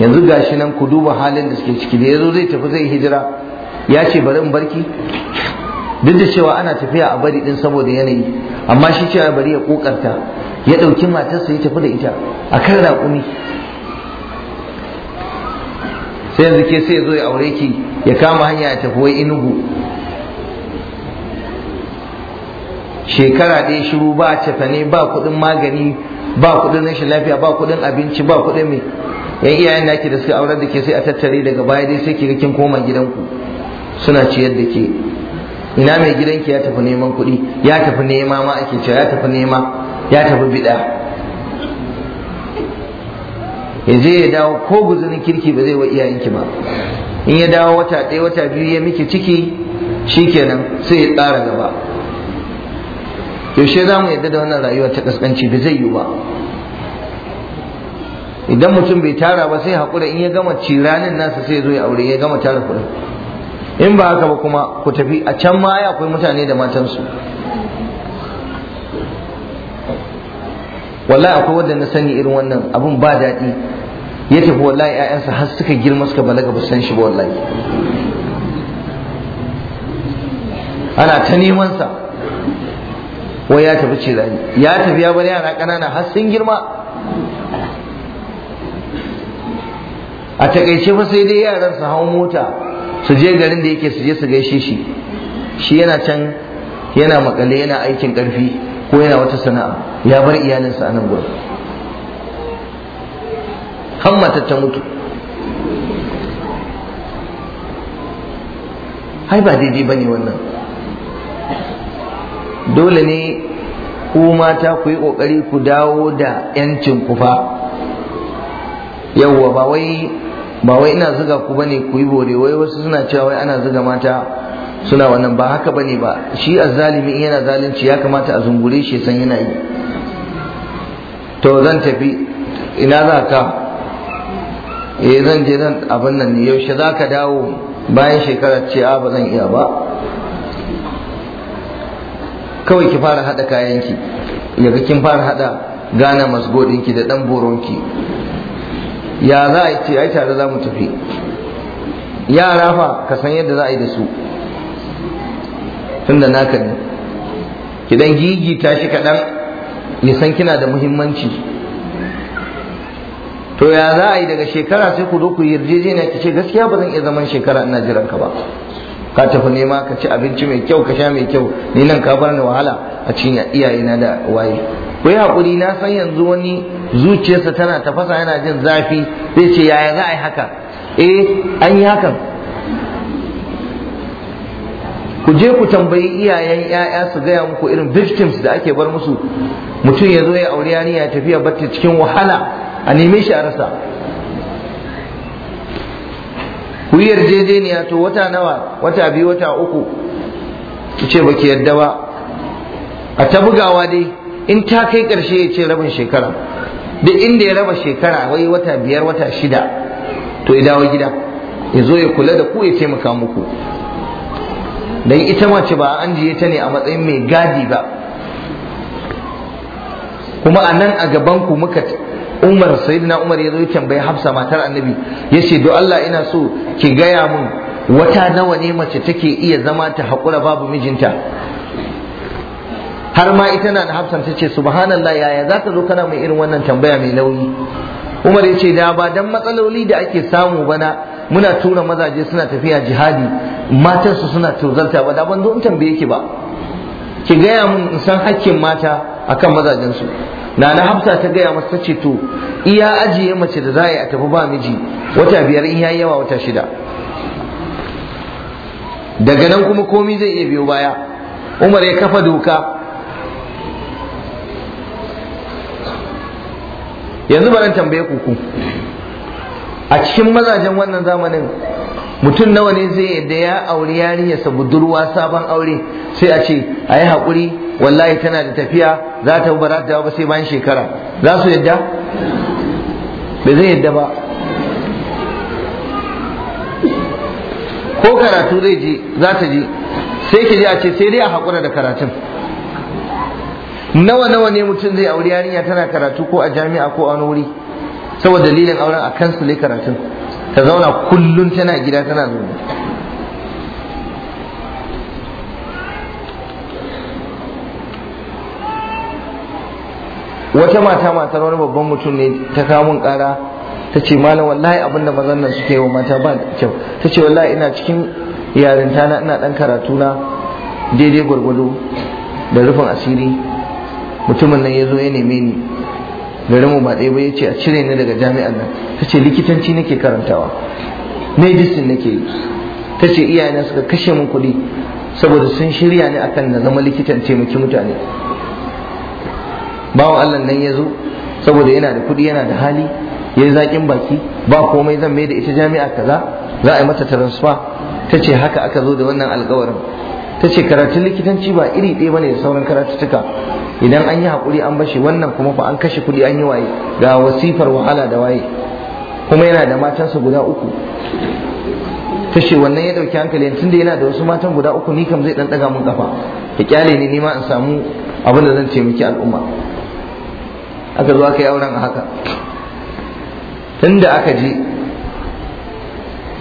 yanzu gashi nan ku duba halin da suke ciki da yazo zai tafi zai hijira ya ce bari in barki duk da cewa ana tafiya a bari din saboda yanayi amma shi ya bari ya kokarta ya ɗauki matarsa ya tafi da ita a kan raƙumi sai yanzu ke sai ya zo ya aure ki ya kama hanya ya tafi wai inugu shekara ɗaya shiru ba cefane ba kuɗin magani ba kuɗin rashin lafiya ba kuɗin abinci ba kuɗin mai yan iyayen naki da suka aurar da ke sai a tattare daga baya dai sai kiga kin koma gidanku suna ciyar da ke ina mai gidanki ya tafi neman kuɗi ya tafi nema ma ake cewa ya tafi nema ya tafi bida ya je ya dawo ko guzurin kirki ba zai wa iyayenki ba in ya dawo wata ɗaya wata biyu ya miki ciki shikenan sai ya tsara gaba yaushe za mu yadda da wannan rayuwa ta kaskanci da zai yi ba idan mutum bai tara ba sai haƙura in ya gama ciranin nasa sai zo ya aure ya gama tara kuɗin in ba haka ba kuma ku tafi a can ma ya akwai mutane da matansu wallahi akwai wanda na sani irin wannan abun ba daɗi ya tafi wallahi ƴaƴansa har suka girma suka balaga ba san shi ba wallahi ana ta neman sa wai ya tafi ce ya tafi ya bari yara ƙanana har sun girma a takaice fa sai dai yaran su hau mota su je garin da yake su je su gaishe shi shi yana can yana makale yana aikin karfi ko yana wata sana'a ya bar iyalinsa a nan gurin hammata ta mutu ai ba daidai bane wannan dole ne ku mata ku yi ƙoƙari ku dawo da 'yancin ku fa yawwa ba wai ba wai ina zuga ku bane ku yi bore wai wasu suna cewa wai ana zuga mata suna wannan ba haka bane ba shi azzalimi in yana zalunci ya kamata a zungure shi san yana yi to zan tafi ina za ka eh zan je zan abin nan ne yaushe za ka dawo bayan shekara ce a ba zan iya ba kawai ki fara hada kayanki yaga kin fara hada gana masgodinki da dan boronki ya za a ce ai tare za mu tafi yara fa ka san yadda za a yi da su tunda naka ne ki dan gigita shi kaɗan ya san kina da muhimmanci to ya za a yi daga shekara sai ku zo ku yarjejeniya ki ce gaskiya ba zan iya zaman shekara ina jiran ka ba ka tafi nema ka ci abinci mai kyau ka sha mai kyau ni nan ka bar ni wahala a cikin iyayena da waye ku yi hakuri na san yanzu wani zuciyarsa tana tafasa yana jin zafi zai ce yaya za a yi haka eh an yi hakan ku je ku tambayi iyayen ya'ya su gaya muku irin victims da ake bar musu mutum ya zo ya aure yarinya tafiya batta cikin wahala a neme shi a rasa ku ne yarjejeniya to wata nawa wata biyu wata uku ki ce baki yadda ba a ta bugawa dai in ta kai ƙarshe ya ce rabin shekara duk inda ya raba shekara wai wata biyar wata shida to ya dawo gida ya zo ya kula da ku ya taimaka muku don ita mace ba an jiye ta ne a matsayin mai gadi ba kuma a nan a gabanku muka Umar sayyidina Umar ya zo ya tambayi Hafsa matar Annabi ya ce do Allah ina so ki gaya mun wata nawa ne mace take iya zama ta haƙura babu mijinta har ma ita na Hafsa ta ce subhanallah yaya za ka zo kana mai irin wannan tambaya mai nauyi Umar ya ce da ba dan matsaloli da ake samu bana muna tura mazaje suna tafiya jihadi matansu suna tozarta ba da ban zo in tambaye ki ba ki gaya mun in san hakkin mata akan mazajensu nana hafsa ta gaya masa ce to iya ajiye mace da za a yi tafi ba miji wata biyar in yayi yawa wata shida daga nan kuma komi zai iya biyo baya umar ya kafa doka yanzu baran tambaye kuku. a cikin mazajen wannan zamanin mutum nawa ne zai yadda ya aure yarinyarsa budurwa sabon aure sai a ce a yi haƙuri wallahi tana da tafiya za ta ba za ta ba sai bayan shekara za su yadda bai zai yadda ba ko karatu zai je za ta je sai ki je a ce sai dai a haƙura da karatun nawa nawa ne mutum zai auri yarinya tana karatu ko a jami'a ko a wuri saboda dalilin auren a kansu ne karatun ta zauna kullum tana gida tana zuwa wata mata matar wani babban mutum ne ta kamun kara ta ce malam wallahi abin da mazan nan suke wa mata ba kyau ta ce wallahi ina cikin yarinta na ina dan karatu na daidai gwargwado da rufin asiri mutumin nan ya zo ya neme ni garin mu ba ɗaya ba ya ce a cire ni daga jami'an nan ta ce likitanci nake karantawa medicine nake yi ta ce iyayena suka kashe min kuɗi saboda sun shirya ni akan na zama likitan taimaki mutane bawan Allah nan ya zo saboda yana da kuɗi yana da hali ya yi zaƙin baki ba komai zan mai da ita jami'a kaza za a yi mata transfer ta ce haka aka zo da wannan alkawarin ta ce karatun likitanci ba iri ɗaya bane da sauran karatuttuka idan an yi haƙuri an bashi wannan kuma fa an kashe kuɗi an yi waye ga wasifar wahala da waye kuma yana da matansa guda uku ta ce wannan ya ɗauki hankali tun da yana da wasu matan guda uku ni kam zai ɗan ɗaga mun kafa ya kyale ni nima in samu abin da zan taimaki al'umma aka zo aka yi auren a haka tunda aka je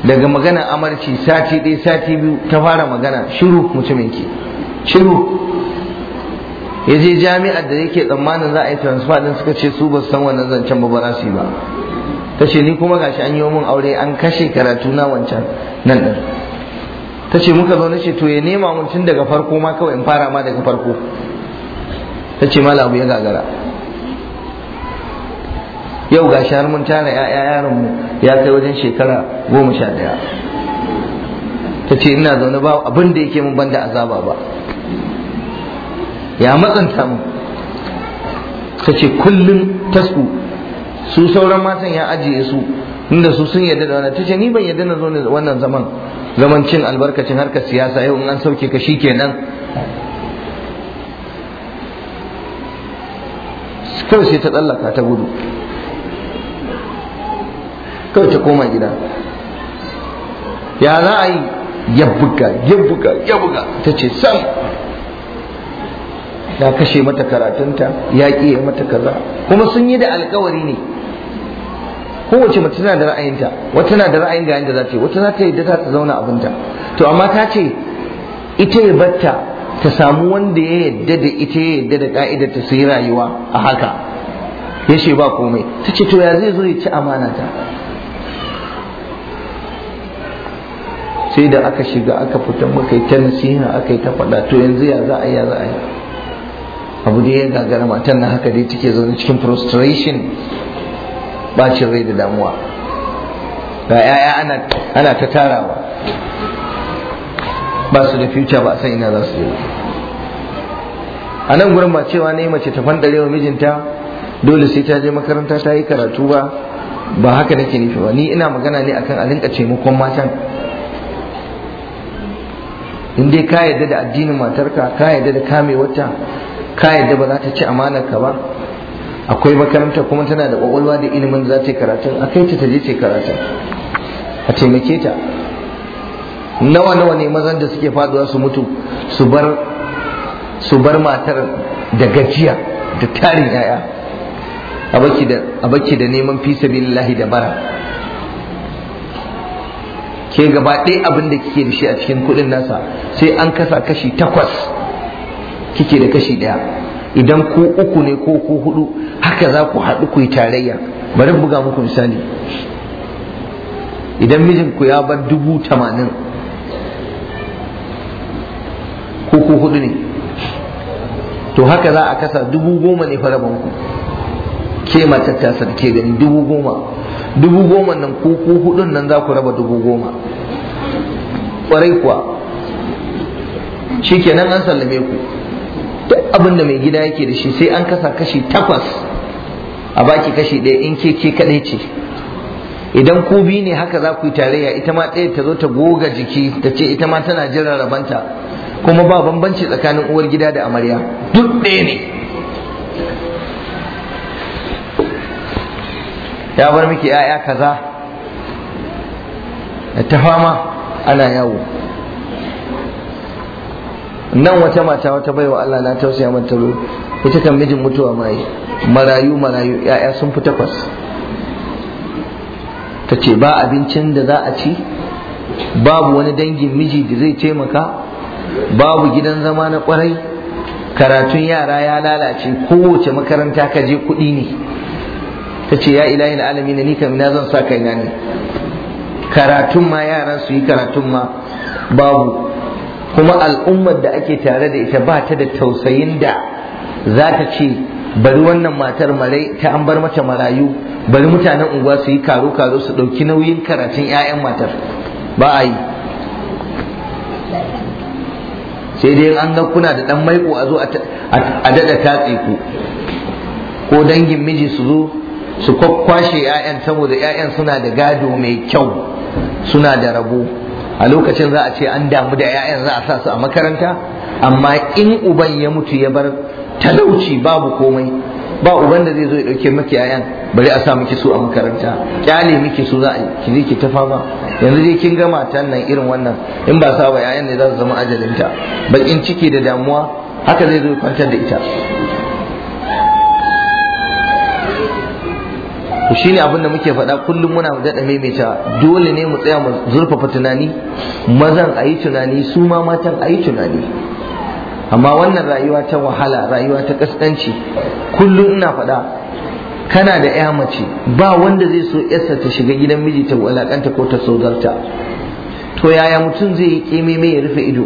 daga magana amarci sati ɗaya sati biyu ta fara magana shiru mutumin ki shiru ya je jami'ar da yake tsammanin za a yi transfer din suka ce su ba san wannan zancen ba ba su ba ta ce ni kuma gashi an yi mun aure an kashe karatu na wancan nan din ta ce muka zo na ce to ya nema mun tun daga farko ma kawai in fara ma daga farko ta ce malabu ya gagara yau ga har mun tara ya'ya yaronmu ya kai wajen shekara goma sha ɗaya ta ce ina zaune ba abin da yake mun banda azaba ba ya matsanta mu ta ce kullum tasku su sauran matan ya ajiye su inda su sun yadda da wannan ta ni ban yadda na zo wannan zaman zaman cin albarkacin harkar siyasa yau in an sauke ka shikenan kawai sai ta tsallaka ta gudu kawai ta koma gida ya za a yi ya buga ya buga ya buga ta ce sam ya kashe mata karatunta ya ƙiye mata kaza kuma sun yi da alkawari ne kowace mace tana da ra'ayinta wata na da ra'ayin ga yanda za ce wata za ta yadda za ta zauna abinta to amma ta ce ita ya batta ta samu wanda ya yadda da ita ya yadda da ka'idar ta su yi rayuwa a haka ya ce ba komai ta ce to ya zai zo ya ci amana ta sai da aka shiga aka fita muka yi ta nasiha aka yi ta faɗa to yanzu ya za a yi ya za a yi abu da ya gagara matan na haka dai take zaune cikin prostration bacin rai da damuwa ga yaya ana ta tarawa ba su da future ba a san ina za su je a nan gurin ba cewa ne mace ta fandare wa mijinta dole sai ta je makaranta ta yi karatu ba ba haka nake nufi ba ni ina magana ne akan alinka rinka taimakon matan in dai ka yarda da addinin matarka ka yarda da kame wata ka yarda ba za ta ci amanarka ba akwai makaranta kuma tana da kwakwalwa da ilimin za ta yi karatun a kai ta ta je ta karatu a taimake ta nawa nawa ne mazan da suke faduwa su mutu su bar matar da gajiya da tarin yaya a baki da neman fi sabilillahi da bara ke gaba ɗaya abin da kike da shi a cikin kuɗin nasa sai an kasa kashi takwas kike da kashi ɗaya idan ku uku ne ko ku hudu haka za ku haɗu ku yi tarayya bari buga muku misali idan mijinku ya bar dubu tamanin ko ku hudu ne to haka za a kasa dubu goma ne fa ku ke mata ta gani dubu goma dubu goma nan ko ko hudun nan za ku raba dubu goma kwarai kuwa shikenan an sallame ku duk abinda mai gida yake da shi sai an kasa kashi takwas a baki kashi ɗaya in ke ke kaɗai ce idan ku biyu ne haka za ku yi tarayya ita ma ɗaya ta zo ta goga jiki ta ce ita ma tana jiran rabanta kuma ba bambanci tsakanin uwar gida da amarya duk ɗaya ne ya bar miki ya'ya kaza ta fama ana yawo nan wata mata wata baiwa Allah na tausaya mata ita kan mijin mutuwa mai marayu marayu ya'ya sun fi takwas ta ce ba abincin da za a ci babu wani dangin miji da zai taimaka babu gidan zama na kwarai karatun yara ya lalace kowace makaranta ka je kuɗi ne ta ce ya ilahi na alami na nika na zan sa kaina ne karatun ma yaran su yi karatun ma babu kuma al'ummar da ake tare da ita ba ta da tausayin da za ta ce bari wannan matar marai ta an bar mata marayu bari mutanen unguwa su yi karo karo su ɗauki nauyin karatun 'ya'yan matar ba a yi sai dai an ga kuna da ɗan maiko a zo a daɗa tatse ko dangin miji su zo su kwakwashe 'ya'yan saboda 'ya'yan suna da gado mai kyau suna da rabo a lokacin za a ce an damu da 'ya'yan za a sa su a makaranta amma in uban ya mutu ya bar talauci babu komai ba uban da zai zo ya dauke maki 'ya'yan bari a sa miki su a makaranta kyale miki su za a ki je ki ta fama yanzu dai kin ga ta nan irin wannan in ba sa ba 'ya'yan ne za su zama ajalinta bakin ciki da damuwa haka zai zo ya kwantar da ita to shi abin da muke faɗa kullum muna daɗa maimaita dole ne mu tsaya mu zurfafa tunani mazan a yi tunani su ma matan a yi tunani amma wannan rayuwa ta wahala rayuwa ta kaskanci kullum ina faɗa kana da ya mace ba wanda zai so yarsa ta shiga gidan miji ta walakanta ko ta sozarta to yaya mutum zai yi keme mai ya rufe ido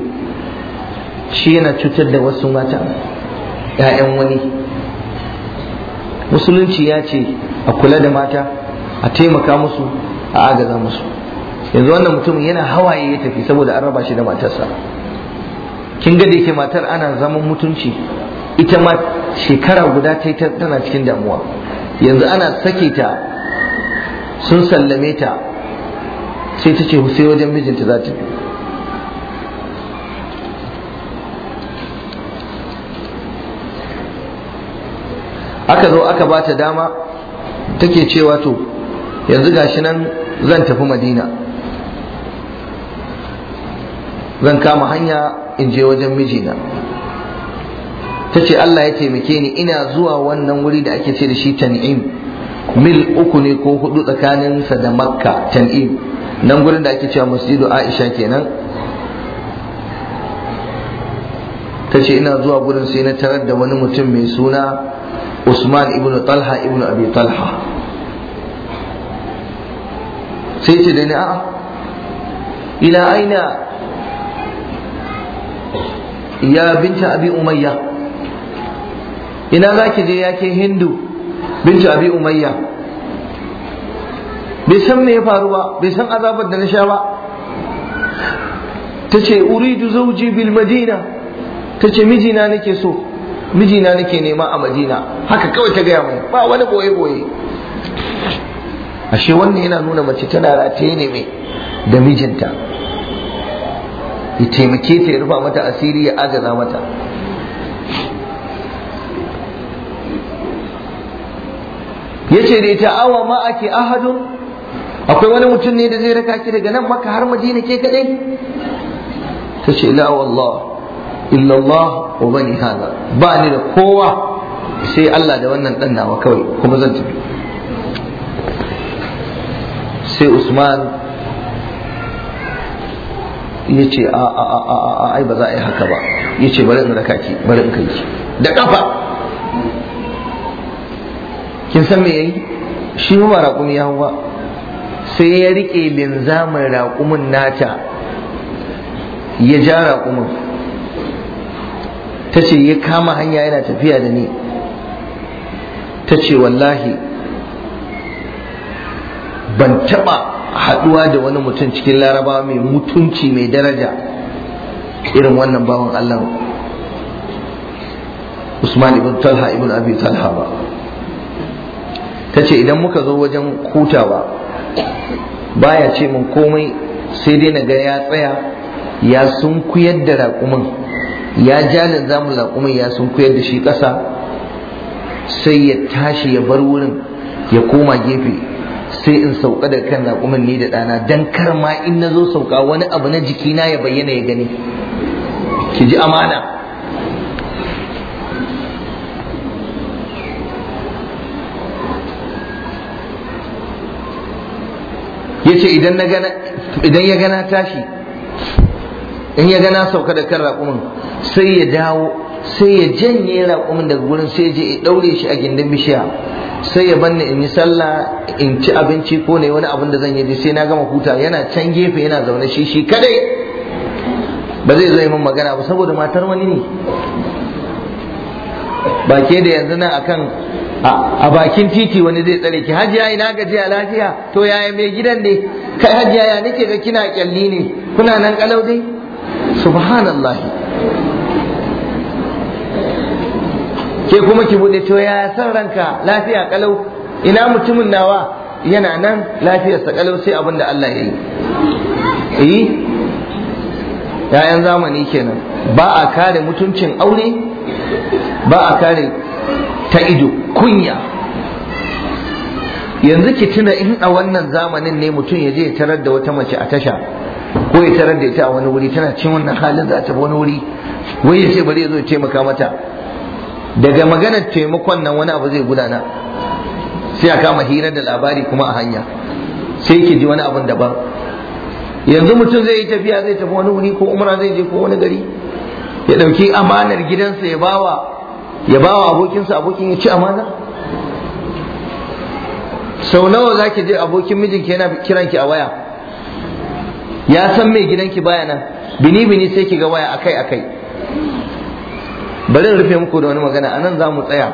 shi yana cutar da wasu mata 'ya'yan wani musulunci ya ce a kula da mata a taimaka musu a agaza musu yanzu wannan mutum yana hawaye ya tafi saboda an raba shi da matarsa kin ga da yake matar ana zaman mutunci ita ma shekara guda ta tana cikin damuwa yanzu ana sake ta sun sallame ta sai ta ce sai wajen mijinta za ta aka zo aka ba ta dama take cewa to yanzu gashi nan zan tafi madina zan kama hanya in je wajen mijina ta ce Allah ya taimake ni ina zuwa wannan wuri da ake ce da shi tan'im mil uku ne ko hudu tsakanin sa da makka tan'im nan gurin da ake cewa masjidu aisha kenan ta ce ina zuwa gurin sai na tarar da wani mutum mai suna usman ibn talha ibn abi talha sai ce da ni a'a ila aina ya binta abi umayya ina za ki je yake hindu binta abi umayya bai san me ya faru ba bai san azabar da na sha ba ta ce uridu zauji bil madina ta ce mijina nake so mijina nake nema a madina haka kawai ta gaya mun ba wani boye boye ashe wannan yana nuna mace tana rataye ne mai da mijinta ya taimake ta ya rufa mata asiri ya agaza mata yace da ta awa ma ake ahadun akwai wani mutum ne da zai raka ki daga nan maka har madina ke kadai ta ce la wallah illallah wa bani hada ba ni da kowa sai Allah da wannan dan nawa kawai kuma zan tafi sai Usman ya ce a a a a a ai ba za a yi haka ba ya ce bari in raka ki bari in kai ki da kafa kin san me yayi shi ba raƙumi ya ba sai ya rike linzamin raƙumin nata ya ja raƙumin ta ce ya kama hanya yana tafiya da ni ta ce wallahi ban taɓa haɗuwa da wani mutum cikin laraba mai mutunci mai daraja irin wannan bawan Allah Usman ibn Talha ibn Abi Talha ba ta ce idan muka zo wajen hutawa baya ce min komai sai dai na ga ya tsaya ya sunkuyar da raƙumin ya jalin zamu laƙumin ya sun koyar da shi ƙasa sai ya tashi ya bar wurin ya koma gefe sai in sauka da kan laƙumin ne da ɗana don kar ma in na zo sauka wani abu na jikina ya bayyana ya gani ki ji amana ya ce idan ya gana tashi in ya ga na sauka da kan raƙumin sai ya dawo sai ya janye raƙumin daga wurin, sai ya je ya ɗaure shi a gindin bishiya sai ya banni in yi sallah in ci abinci ko ne wani abin da zan yi sai na gama huta yana can gefe yana zaune shi shi kadai ba zai zo min magana ba saboda matar wani ne ba ke da yanzu nan akan a bakin titi wani zai tsare ki hajiya ina gajiya lafiya to yaya mai gidan ne kai hajiya ya nake ga kina kyalli ne kuna nan kalau dai subhanallah ke kuma ki bude to ya san ranka lafiya kalau ina mutumin nawa yana nan lafiyarsa kalau sai abin da Allah ya yi yi eh? ‘ya'yan zamani kenan ba a kare mutuncin aure ba a kare ta ido kunya yanzu ki tuna in a wannan zamanin ne mutum ya je tarar da wata mace a tasha ko ya tarar da ita a wani wuri tana cin wannan halin za ta wani wuri wai ya ce bari ya zo ya taimaka mata daga maganar taimakon nan wani abu zai gudana sai a kama hira da labari kuma a hanya sai yake ji wani abun daban yanzu mutum zai yi tafiya zai tafi wani wuri ko umra zai je ko wani gari ya ɗauki amanar gidansa ya bawa ya bawa abokinsa abokin ya ci amana sau nawa za ki je abokin mijinki yana kiranki a waya ya san mai gidanki baya nan bini bini sai ki ga waya akai akai bari in rufe muku da wani magana a nan za mu tsaya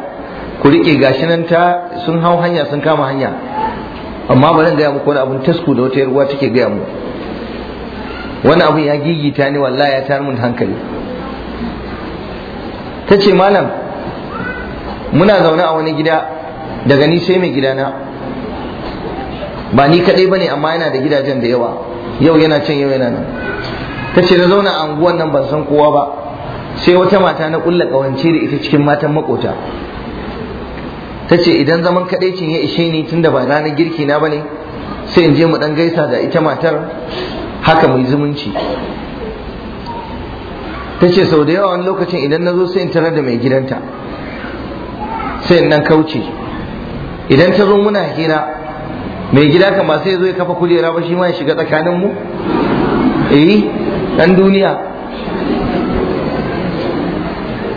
ku riƙe gashi nan ta sun hau hanya sun kama hanya amma bari in gaya muku wani abun tasku da wata yarwa take gaya mu wani abun ya gigita ni wallahi ya tayar mun hankali ta ce malam muna zaune a wani gida daga ni sai mai gidana ba ni kaɗai ba ne amma yana da gidajen da yawa yau yana can yau yana nan ta ce na zauna a unguwan nan ban san kowa ba sai wata mata na kulla kawance da ita cikin matan makota ta ce idan zaman kadaicin ya ishe ni tunda ba ranar girki na bane sai in je mu dan gaisa da ita matar haka mai zumunci ta ce sau da yawa wani lokacin idan na zo sai in tarar da mai gidanta sai in nan kauce idan ta zo muna hira mai gida kama sai zo ya kafa kujera ba shi ma ya shiga tsakanin mu eh dan duniya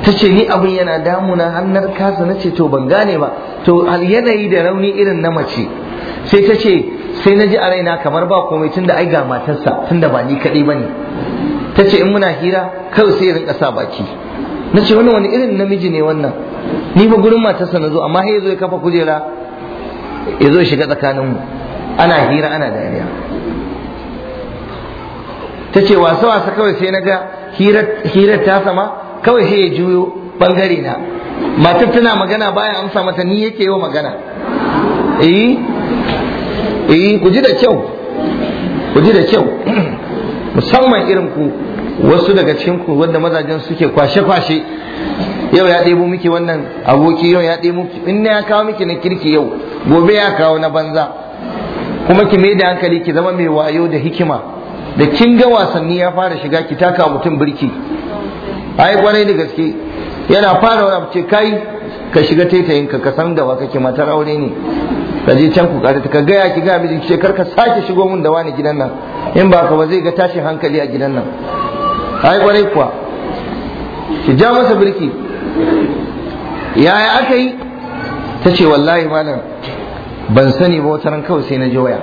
ta ce ni abin yana damuna hannar kasa na ce to ban gane ba to yanayi da rauni irin na mace sai ta ce sai na ji a raina kamar ba komai tun da ai ga matarsa tun da ba ni kaɗai ba ne ta ce in muna hira kawai sai rinka sa baki na ce wani irin namiji ne wannan ni ba gurin matarsa na zo amma sai ya zo ya kafa kujera ya zo shiga tsakaninmu ana hira ana dariya ta ce wasa wasa kawai sai na ga hirar ta sama kawai sai ya juyo bangare na matar tana magana baya amsa mata ni yake yi wa magana eh, eh ku ji da kyau ku da kyau musamman irin ku wasu daga cikin ku wanda mazajen suke kwashe kwashe yau ya ɗebo miki wannan aboki yau ya ɗebo miki in ya kawo miki na kirki yau gobe ya kawo na banza kuma ki mai da hankali ki zama mai wayo da hikima da kin ga wasanni ya fara shiga ki taka mutum birki ai kwarai da gaske yana fara wani ce kai ka shiga taitayin ka ka san gaba kake matar aure ne ka je can ku kare ka gaya ki ga miji ce kar ka sake shigo mun da wani gidan nan in ba ka ba zai ga tashin hankali a gidan nan ai kwarai kuwa ki ja masa birki yaya aka yi ta ce wallahi malam ban sani ba wata ran kawai sai na ji waya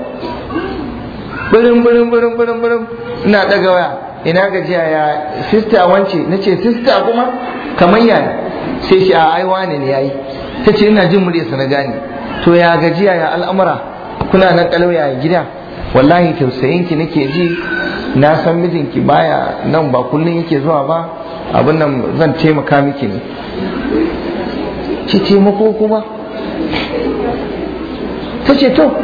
birin birin birin birin birin ina daga waya ina gajiya ya sista wance na ce sista kuma kamar ya sai shi a ai ne ne yayi ta ce ina jin muryarsa na gane to ya gajiya ya al'amura kuna nan kalauya a gida wallahi tausayin ki nake ji na san mijinki baya nan ba kullum yake zuwa ba abin nan zan taimaka miki ne Ki taimako kuma ta ce to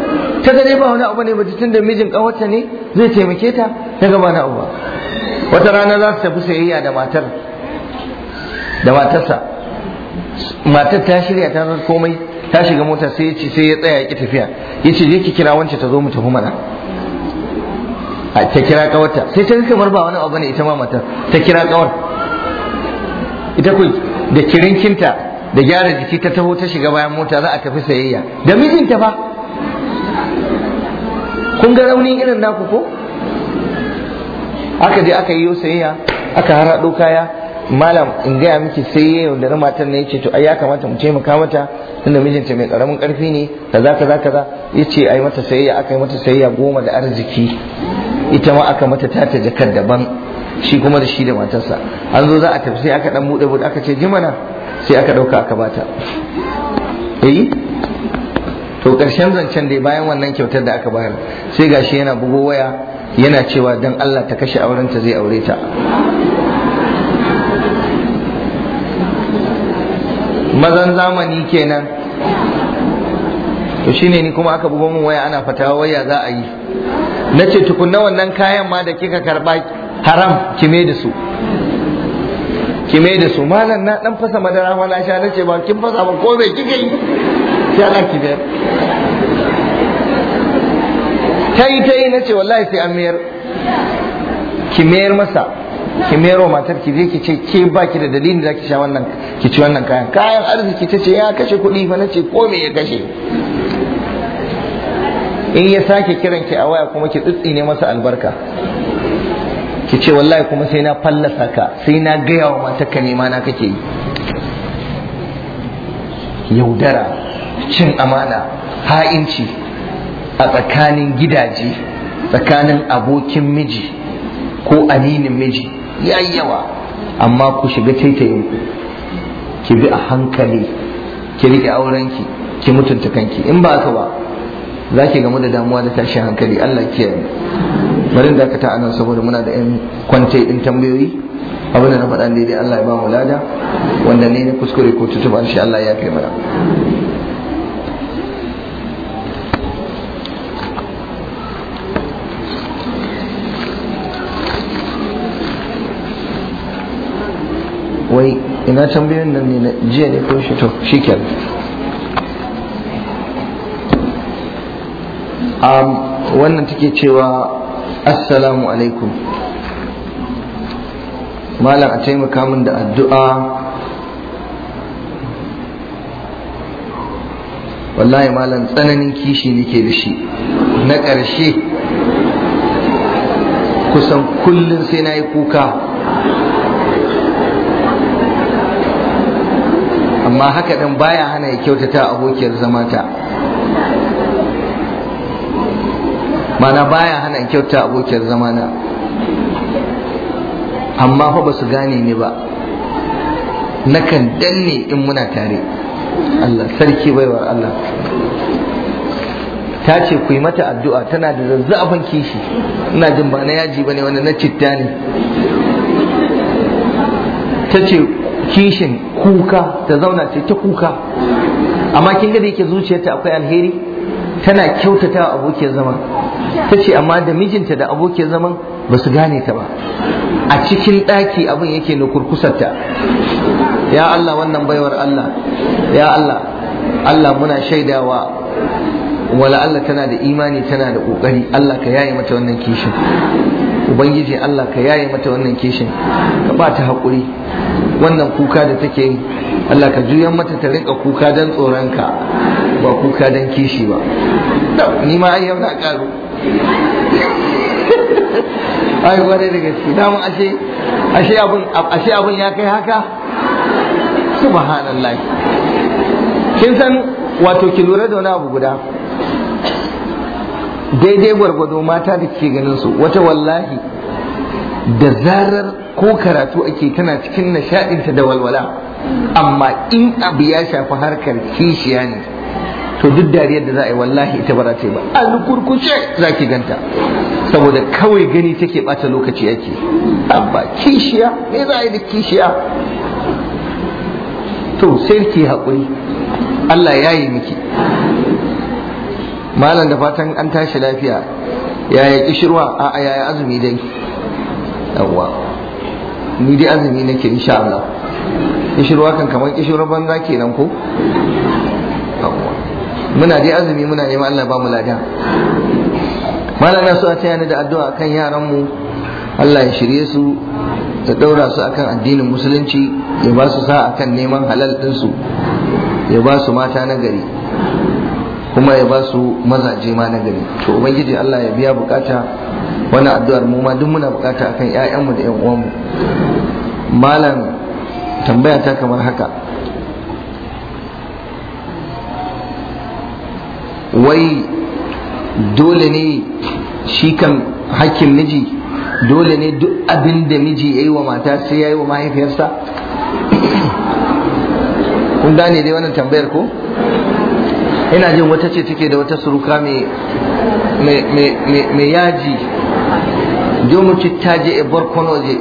ta ga dai ba wani abu ne ba tun da mijin kawarta ne zai taimake ta ta gaba ba na abu wata rana za su tafi sayayya da matar da matarsa matar ta shirya ta zan komai ta shiga mota sai ya ce sai ya tsaya ki tafiya ya ce je ki kira wancan ta zo mu tafi mana a ta kira kawarta sai ta kamar ba wani abu ne ita ma matar ta kira kawar ita kuwa da kirinkinta da gyara jiki ta taho ta shiga bayan mota za a tafi sayayya da mijinta ba kun ga raunin irin naku ko aka je aka yi sayayya aka harado kaya malam in gaya miki sai da na matar ne yace to ai ya kamata mu taimaka mata tunda mijinta mai karamin karfi ne kaza kaza kaza yace ai mata sayayya aka yi mata sayayya goma da arziki ita ma aka mata tata jakar daban shi kuma da shi da matarsa an zo za a tafi sai aka dan bude bude aka ce jimana sai aka dauka aka bata eh to karshen zancen dai bayan wannan kyautar da aka bayar sai gashi yana bugo waya yana cewa dan Allah ta kashe aurenta zai aure ta mazan zamani kenan to shine ni kuma aka bugo min waya ana fatawa waya za a yi nace tukunna wannan kayan ma da kika karba haram kime da su kime da su malam na dan fasa madara ma na sha nace ba kin fasa ba ko bai kike yi sai Allah ki bayar kai kai nace wallahi sai an mayar ki masa ki mayar wa matar ki je ki ce ke ba ki da dalilin da ki sha wannan ki ci wannan kayan kayan arziki ce ya kashe kuɗi fa nace ko me ya kashe in ya sake kiran ki a waya kuma ki tsitsi ne masa albarka ki ce wallahi kuma sai na fallasa ka sai na gaya wa matarka nema na kake yi yaudara cin amana ha'inci a tsakanin gidaje tsakanin abokin miji ko aninin miji yawa amma ku shiga taitayin ki bi a hankali ki rike aurenki ki mutunta kanki in ba ka ba za ki gamu da damuwa da tashin hankali Allah kiyaye bari da dakata anan saboda muna da yan kwance din tambayoyi abinda na faɗa daidai Allah ya ba mu lada wanda ne na kuskure ko tutuba shi Allah ya fi mana wai ina tambayoyin nan ne na jiya ne ko shi to shi um, wannan take cewa assalamu alaikum malam a taimaka min da addu'a wallahi malam tsananin kishi nake da shi na ƙarshe kusan kullum sai na yi kuka amma haka ɗan baya hana ya kyautata abokiyar zamata mana baya hana in kyauta abokiyar zamana amma fa ba su gane ni ba nakan danne in muna tare Allah sarki baiwar Allah ta ce ku yi mata addu'a tana da zazzafan kishi ina jin ba na yaji bane wanda na citta ne ta ce kishin kuka ta zauna ce ta kuka amma kin ga da yake zuciyarta akwai alheri tana kyautata abokiyar zama ta ce amma da mijinta da abokin zaman ba su gane ta ba a cikin ɗaki abin yake na kurkusarta ya Allah wannan baiwar Allah ya Allah Allah muna shaidawa wala Allah tana da imani tana da ƙoƙari Allah ka yaye mata wannan kishin ubangiji Allah ka yaye mata wannan kishin ka ba ta haƙuri wannan kuka da take yi Allah ka juyan mata ta rinka kuka don tsoronka ba kuka dan kishi ba ni ma ai na karu ai gware da gaske ashe ashe abun ashe abun ya kai haka subhanallah kin san wato ki lura da wani abu guda daidai gwargwado mata da ke ganin su wata wallahi da zarar ko karatu ake tana cikin nishaɗinta da walwala amma in abu ya shafi harkar kishiya ne to duk dariyar da za a yi wallahi ita ba za ta yi ba an kurkuce za ki ganta saboda kawai gani take bata lokaci yake amma kishiya me za a yi da kishiya to sai ki haƙuri Allah ya yi miki malam da fatan an tashi lafiya yi kishirwa a yaya azumi dai yawa ni dai azumi nake insha Allah kishirwa kan kamar kishirwa banza kenan ko yawwa muna dai azumi muna nema Allah ba mu lada malama su a taya ni da addu'a kan yaran mu Allah ya shirye su ya daura su akan addinin musulunci ya ba su sa akan neman halal din su ya ba su mata na gari kuma ya ba su mazaje ma na gari to ubangiji Allah ya biya bukata wannan addu'ar mu ma duk muna bukata akan mu da ƴan uwanmu malam tambaya ta kamar haka wai dole ne shi kan hakkin miji dole ne duk abin da miji ya yi wa mata sai ya yi wa mahaifiyarsa kun gane dai wannan tambayar ko ina jin wata ce take da wata suruka mai yaji domin ta je a barkono je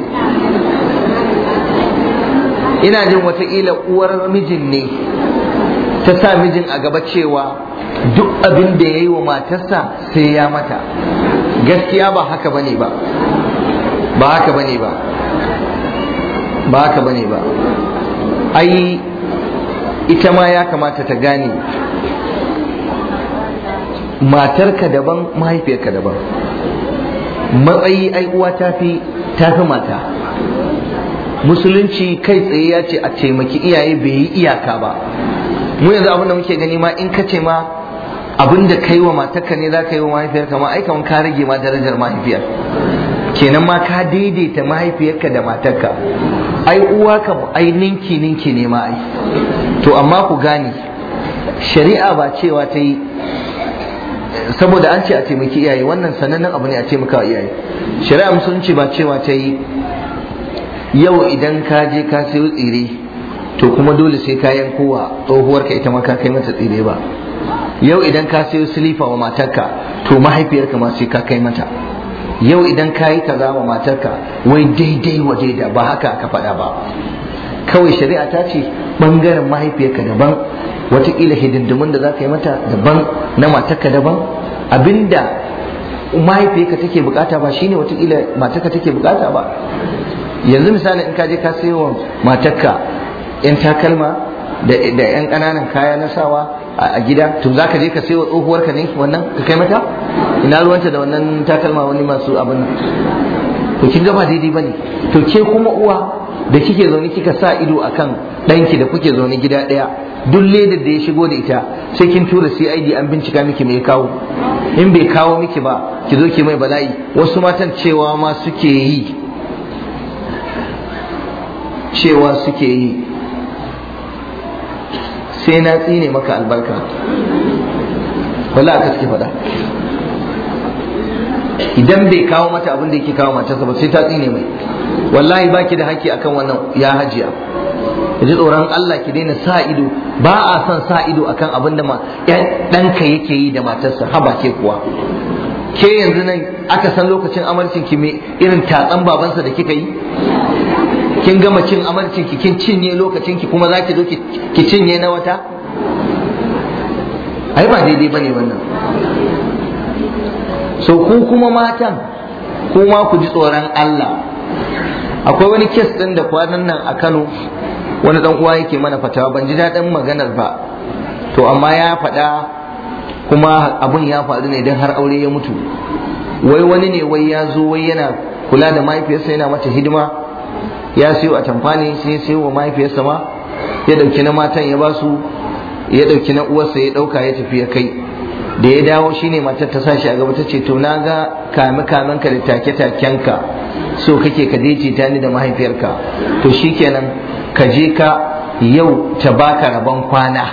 ina jin watakila uwar mijin ne ta sa mijin a gaba cewa duk abin da ya yi wa matarsa sai ya mata gaskiya ba haka bane ba ba haka bane ba ba haka bane ba ai ita ma ya kamata ta gane matarka daban mahaifiyarka daban matsayi ai uwa ta fi mata musulunci kai tsaye ya ce a taimaki iyaye bai yi iyaka ba mu yanzu abin da muke gani ma in ka ce ma abinda kai wa matarka ne za ka yi wa mahaifiyarka ma aika ka rage ma darajar mahaifiyar kenan ma ka daidaita mahaifiyarka da matarka ai uwa ka ai ninki ninki ne ma ai to amma ku gane shari'a ba cewa ta yi saboda an ce a taimaki iyaye wannan sanannen abu ne a taimaka iyaye shari'a musulunci ba cewa ta yi yau idan ka je ka sayo tsire to kuma dole sai ka tsohuwar tsohuwarka ita ma ka kai mata tsire ba yau idan ka sayo silifa wa matarka to mahaifiyarka ma sai ka kai mata yau idan ka yi kaza wa matarka wai daidai waje da ba haka ka faɗa ba kawai shari'a ta ce ɓangaren mahaifiyarka daban watakila hidindimin da za ka yi mata daban na matarka daban abinda mahaifiyarka take bukata ba shine watakila matarka take bukata ba yanzu misali in ka je ka sayo wa matarka yan takalma da yan ƙananan kaya na sawa a gida to za ka je ka sai wa tsohuwarka ne wannan ka kai mata ina ruwanta da wannan takalma wani masu abin to kin ga ba daidai to ke kuma uwa da kike zaune kika sa ido akan ɗanki da kuke zaune gida ɗaya duk ledar da ya shigo da ita sai kin tura CID an bincika miki mai kawo in bai kawo miki ba ki zo ki mai bala'i wasu matan cewa ma cewa suke yi sai na tsine maka albarka wala aka suke faɗa idan bai kawo mata abin da yake kawo matarsa ba sai ta tsine mai wallahi ba ki da haƙƙi akan wannan ya hajiya ya ji tsoron Allah ki daina sa ido ba a son sa ido akan abin da ɗanka yake yi da matarsa haba ke kuwa ke yanzu nan aka san lokacin amarcin ki me irin tatsan babansa da kika yi kin gama cin amarcin ki kin cinye lokacin ki kuma zaki zo ki cinye na wata ai ba daidai bane wannan so ku kuma matan kuma ku ji tsoron Allah akwai wani kes din da kwanan nan a Kano wani dan uwa yake mana fatawa ban ji daɗin maganar ba to amma ya faɗa kuma abun ya faru ne don har aure ya mutu wai wani ne wai ya zo wai yana kula da mahaifiyarsa yana mata hidima ya siyo a tamfani sai siyo wa mahaifiyarsa ma ya dauki na matan ya basu ya dauki na uwarsa ya dauka ya tafi ya kai da ya dawo shine matar ta sashi a gaba ta ce to na ga kame kamen ka da take taken ka so kake ka dace ta ni da mahaifiyarka to shikenan ka je ka yau ta baka rabon kwana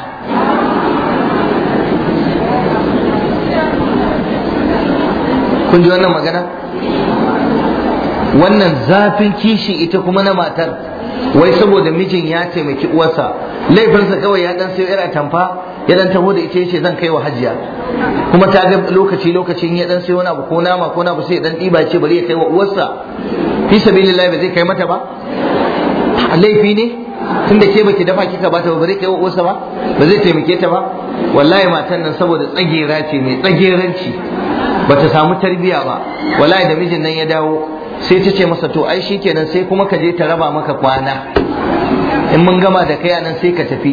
kun ji wannan magana wannan zafin kishi ita kuma na matar wai saboda mijin ya taimaki uwarsa laifinsa kawai ya dan sayo irin tamfa ya dan taho da ita yace zan kai wa hajiya kuma ta ga lokaci lokaci ya dan sayo wani abu ko nama ko abu sai ya dan diba ce bari ya kai wa uwarsa fi sabilillahi ba zai kai mata ba laifi ne tunda ke baki dafa kika bata ba zai kai wa uwarsa ba ba zai taimake ta ba wallahi matan nan saboda tsagera ce mai tsageranci bata samu tarbiya ba wallahi da mijin nan ya dawo sai ta ce masa to ai shikenan sai kuma ka je ta raba maka kwana in mun gama da kai nan sai ka tafi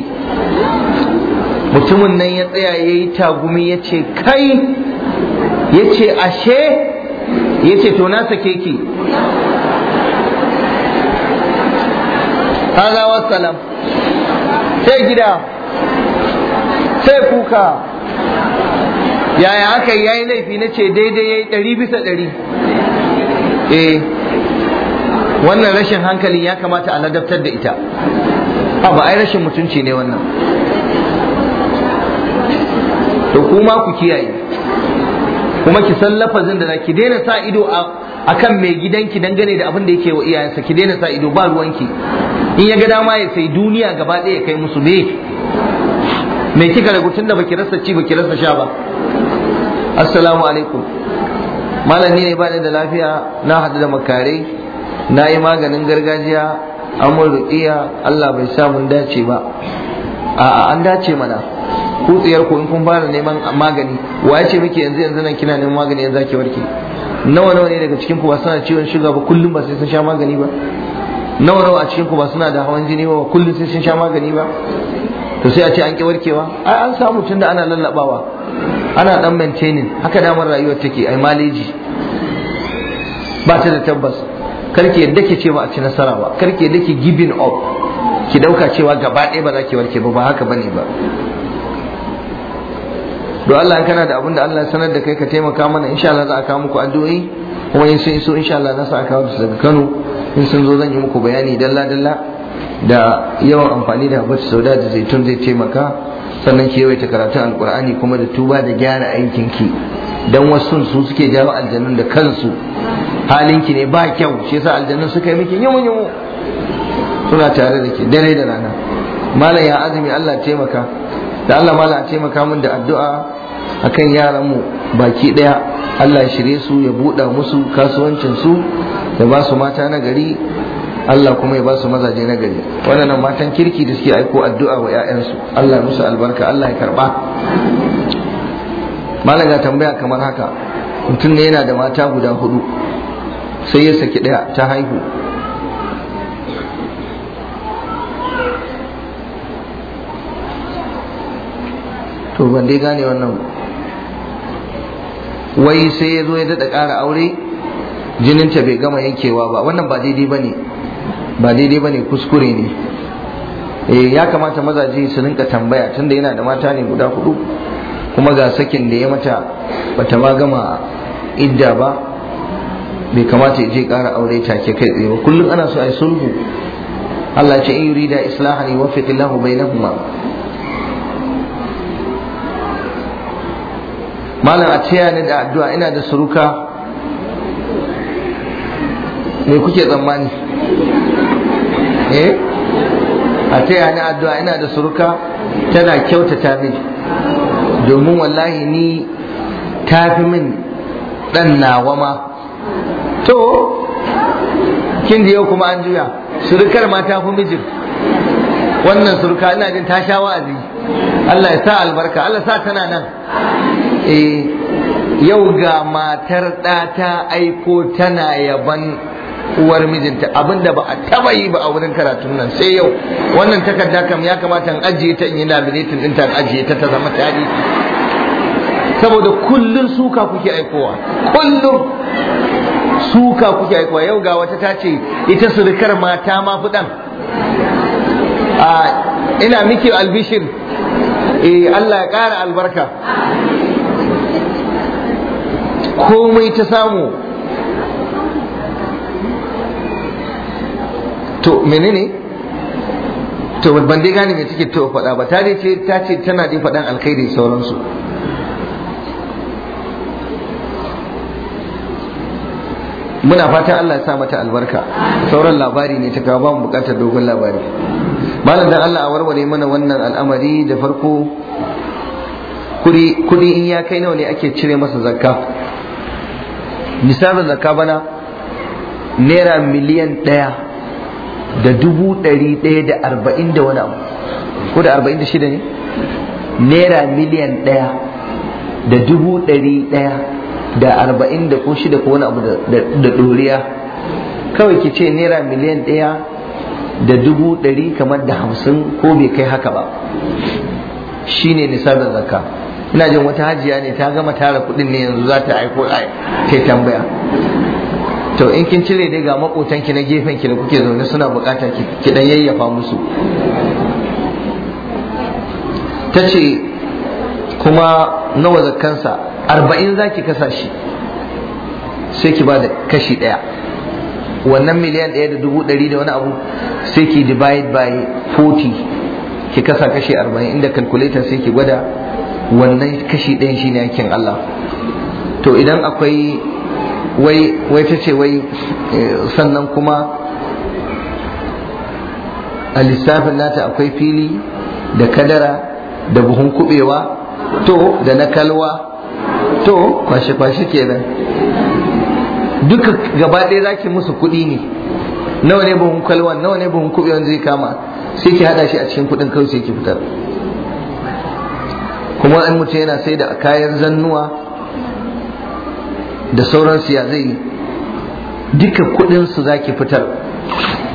mutumin nan ya tsaya ya yi tagumi ya ce kai ya ashe ya ce to na sake ki wa Salam. sai gida sai kuka yaya aka yi laifi na ce daidai ya yi ɗari bisa ɗari eh wannan rashin hankali ya kamata a ladabtar da ita ba ai rashin mutunci ne wannan to kuma ku kiyaye kuma ki san lafazin da ki daina sa ido a kan mai gidanki dangane da abin da yake wa iyayensa ki daina sa ido ba ruwanki in ya ga dama ya sai duniya gaba ɗaya ya kai musu me me kika ragutun da baki rasa ci baki rasa sha ba assalamu alaikum malami ne ba da lafiya na hadu da makare na yi maganin gargajiya amur ruqiya Allah bai sa mun dace ba a an dace mana ku tsiyar ku in kun fara neman magani wa ce muke yanzu yanzu nan kina neman magani yanzu zaki warke nawa nawa ne daga cikin ku ba suna ciwon shuga ba kullum ba sai sun sha magani ba nawa nawa a cikin ku ba suna da hawan jini ba kullum sai sun sha magani ba to sai a ce an ki warkewa ai an samu tunda ana lallabawa ana dan maintaining haka damar rayuwar take ai maleji ba ta da tabbas karki yadda ke cewa a ci nasara ba karki yadda ke giving up ki dauka cewa gaba ɗaya ba za ki warke ba ba haka bane ba do Allah kana da abin da Allah ya sanar da kai ka taimaka mana insha Allah za a kawo muku addu'o'i kuma in sun iso insha Allah za a kawo su daga Kano in sun zo zan yi muku bayani dalla dalla da yawan amfani da habatu sauda da zaitun zai taimaka sannan ki karatun alkur'ani kuma da tuba da gyara aikin ki dan wasu su suke jawo aljannun da kansu halin ne ba kyau shi yasa aljannun suka yi miki yimu yimu suna tare da ke dare da rana malam ya azumi Allah taimaka da Allah malam taimaka min da addu'a akan yaran mu baki daya Allah ya shirye su ya buɗa musu kasuwancin su da ba su mata na gari Allah kuma ya ba su mazaje na gari waɗannan matan kirki da suke aiko addu'a wa 'ya'yansu Allah musu albarka Allah ya karba malaga tambaya kamar haka mutum ne yana da mata guda hudu sai ya saki ɗaya ta haihu to ban dai gane wannan wai sai ya zo ya daɗa ƙara aure jininta bai gama yankewa ba wannan ba daidai ba ne ba daidai ba ne kuskure ne eh ya kamata mazaje su rinka tambaya tunda yana da mata ne guda hudu kuma ga sakin da ya mata bata ma gama idda ba bai kamata ya je ƙara aure take kai tsaye ba kullum ana so a yi sulhu Allah ce in yurida islahan wa Allah bainahuma malam a taya ni da addu'a ina da suruka me kuke tsammani eh a taya ni addu'a ina da suruka tana kyautata mini domin wallahi ni ta fi min dan nawa ma to kin da yau kuma an juya surukar ma ta fi mijin wannan suruka ina jin ta sha wa'azi Allah ya sa albarka Allah sa tana nan eh yau ga matar ɗata aiko tana yaban uwar mijinta abinda ba a taba yi ba a wurin karatun nan sai yau wannan takarda kam ya kamata in ajiye ta in yi laminatin ɗinta in ajiye ta ta zama tarihi saboda kullun suka kuke aikowa kullun suka kuke aikowa yau ga wata ta ce ita surukar mata ma fi ɗan ina miki albishin, eh Allah ya kara albarka komai ta samu to menene to ban dai gane mai take to faɗa ba ta ce ta ce tana jin faɗan alkhairi sauransu muna fatan Allah ya sa mata albarka sauran labari ne ta kawo ba mu bukatar dogon labari malam dan Allah a warware mana wannan al'amari da farko kudi in ya kai nawa ne ake cire masa zakka misalin zakka bana naira miliyan ɗaya da dubu ɗari ɗaya da arba'in da wani abu ko da arba'in da shida ne naira miliyan ɗaya da dubu ɗari ɗaya da arba'in da ko shida ko wani abu da ɗoriya kawai ki ce naira miliyan ɗaya da dubu ɗari kamar da hamsin ko bai kai haka ba Shi ne nisabin zakka ina jin wata hajiya ne ta gama tara kuɗin ne yanzu za ta aiko kai tambaya to in kin cire dai ga makotan ki na gefen ki da kuke zaune suna bukata ki dan yayyafa musu tace kuma nawa zakkansa arba'in zaki kasa shi sai ki bada kashi daya wannan miliyan daya da dubu dari da wani abu sai ki divide by 40 ki kasa kashi 40 inda calculator sai ki gwada wannan kashi ɗayan shi ne yakin Allah to idan akwai wai wai ta ce wai eh, sannan kuma a lissafin nata akwai fili da kadara da buhun kubewa to da na kalwa to kwashe-kwashe kenan duka gaba ɗaya zaki musu kuɗi ne nawa ne buhun kalwan nawa ne buhun kubewan zai kama sai ki hada shi a cikin kuɗin kawai sai ki fitar kuma an mutu yana sai da kayan zannuwa da sauransu ya zai duka kudin su zaki fitar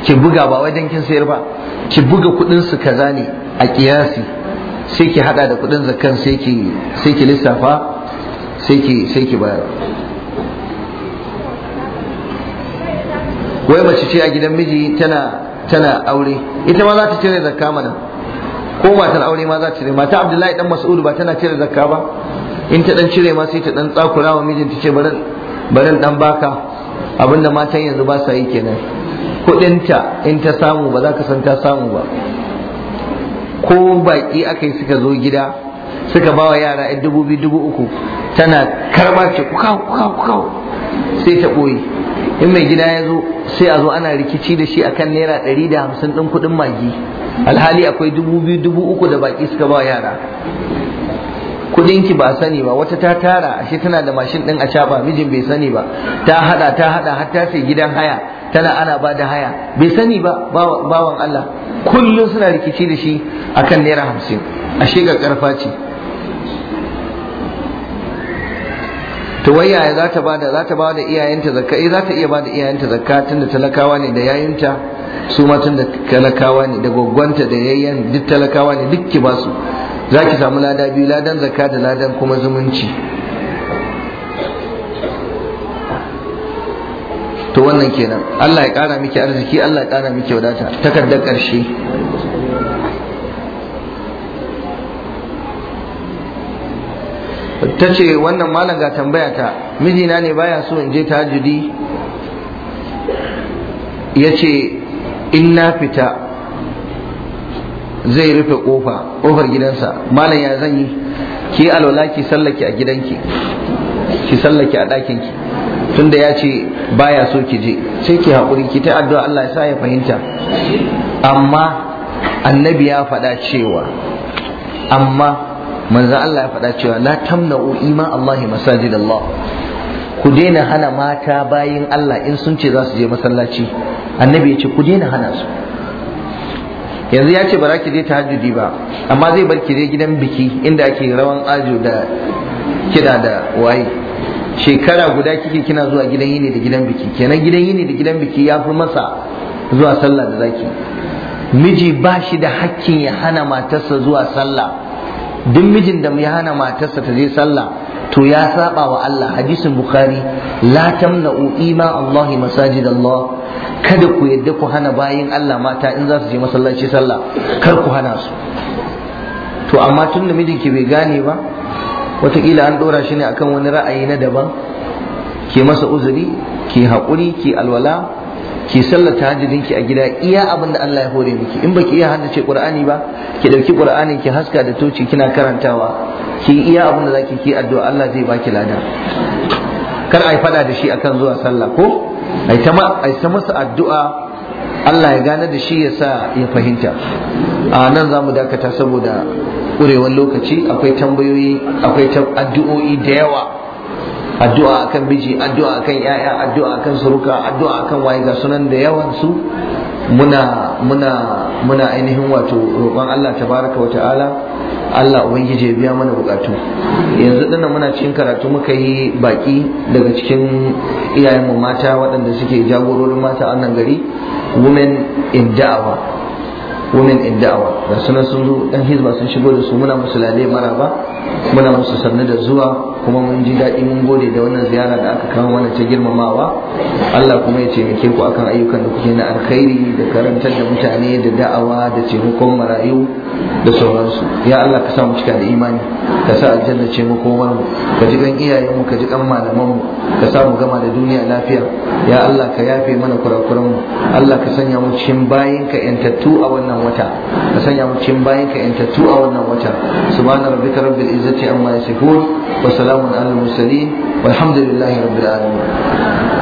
ki buga ba wajen kin sayar ba ki buga kudin su kaza ne a kiyasi sai ki hada da kudin zakan sai ki sai ki lissafa sai ki sai ki bayar wai mace ce a gidan miji tana tana aure ita ma za ta cire zakka mana ko matar aure ma za ta cire mata Abdullahi dan Mas'ud ba tana cire zakka ba in ta dan cire ma sai ta dan tsakura wa mijinta ce barin barin dan baka abinda matan yanzu ba sa yi kenan kudinta in ta samu ba za ka san ta samu ba ko baki aka yi suka zo gida suka ba wa yara yan dubu biyu dubu uku tana karba ce kuka kuka kuka sai ta ɓoye in mai gida ya zo sai a zo ana rikici da shi akan naira ɗari da hamsin ɗin kuɗin magi alhali akwai dubu biyu dubu uku da baki suka ba wa yara kudin ki ba sani ba wata ta tara ashe tana da mashin din a caba mijin bai sani ba ta hada ta hada har ta sai gidan haya tana ana ba da haya bai sani ba bawan Allah kullum suna rikici da shi akan naira hamsin ashe ga karfa ce to wai yaya za ta bada za ta bada iyayenta zakka eh za ta iya bada iyayenta zakka tunda talakawa ne da yayinta su ma tunda talakawa ne da gwaggwanta da yayyan duk talakawa ne duk ki ba su. za ki samu lada biyu ladan zakka da ladan kuma zumunci to wannan kenan Allah ya kara miki arziki Allah ya kara miki wadata takardar ƙarshe ta ce wannan malam ga tambaya ta mijina ne baya so in je tajudi ya ce in na fita zai rufe kofa kofar gidansa malam ya zan yi ki alwala ki sallake a gidanki ki sallake a ɗakinki tunda ya ce baya so ki je sai ki haƙuri ki ta addu'a Allah ya sa ya fahimta amma annabi ya faɗa cewa amma manzo Allah ya faɗa cewa la tamna'u iman Allah masajid Allah ku daina hana mata bayin Allah in sun ce za su je masallaci annabi ya ce ku daina hana su yanzu ya ce ba za ki je tahajjudi ba amma zai bar ki je gidan biki inda ake rawan ajo da kida da waye shekara guda kike kina zuwa gidan yini da gidan biki kenan gidan yini da gidan biki ya fi masa zuwa sallah da zaki miji ba shi da hakkin ya hana matarsa zuwa sallah duk mijin da ya hana matarsa ta je sallah to ya saba wa Allah hadisin bukhari la tamna'u ima allahi masajid kada ku yadda ku hana bayin Allah mata in za su je masallaci sallah kar ku hana su to amma tun namijin ki bai gane ba wataƙila an ɗora shi ne akan wani ra'ayi na daban ke masa uzuri ke haƙuri ke alwala ke sallar ki a gida iya abin da Allah ya hore miki in baki iya haddace Qur'ani ba ki ɗauki Qur'anin ki haska da toci kina karantawa ki iya abin da zaki ki addu'a Allah zai baki lada kar ai fada da shi akan zuwa sallah ko ai ta masa addu'a Allah ya gane da shi ya sa ya fahimta a nan za mu dakata saboda ƙurewar lokaci akwai tambayoyi akwai addu'o'i da yawa addu'a akan biji addu'a akan yaya addu'a akan suruka addu'a akan waye ga sunan da yawan muna muna muna ainihin wato roƙon Allah tabaraka wa ta'ala Allah ubangiji ya biya mana bukatu yanzu dinnan muna cikin karatu muka yi baki daga cikin iyayen mu mata waɗanda suke jagororin mata a nan gari women in da'awa women in da'awa ga sunan sun zo dan hizba sun shigo da su muna musu mara ba? muna musu sannu da zuwa kuma mun ji daɗi mun gode da wannan ziyara da aka kawo mana ta girmamawa Allah kuma ya taimake ku akan ayyukan da kuke na alkhairi da karantar da mutane da da'awa da taimakon marayu da sauransu ya Allah ka sa mu cika da imani ka sa aljanna ce mu komar mu ka ji kan iyayen mu ka ji kan malaman mu ka sa mu gama da duniya lafiya ya Allah ka yafe mana kurakuran mu Allah ka sanya mu cikin bayin ka yantattu a wannan wannan wata ka sanya mu cikin bayan ka yantattu a wannan wata subhana rabbika rabbil izzati amma yasifun wa salamun alal mursalin walhamdulillahi rabbil alamin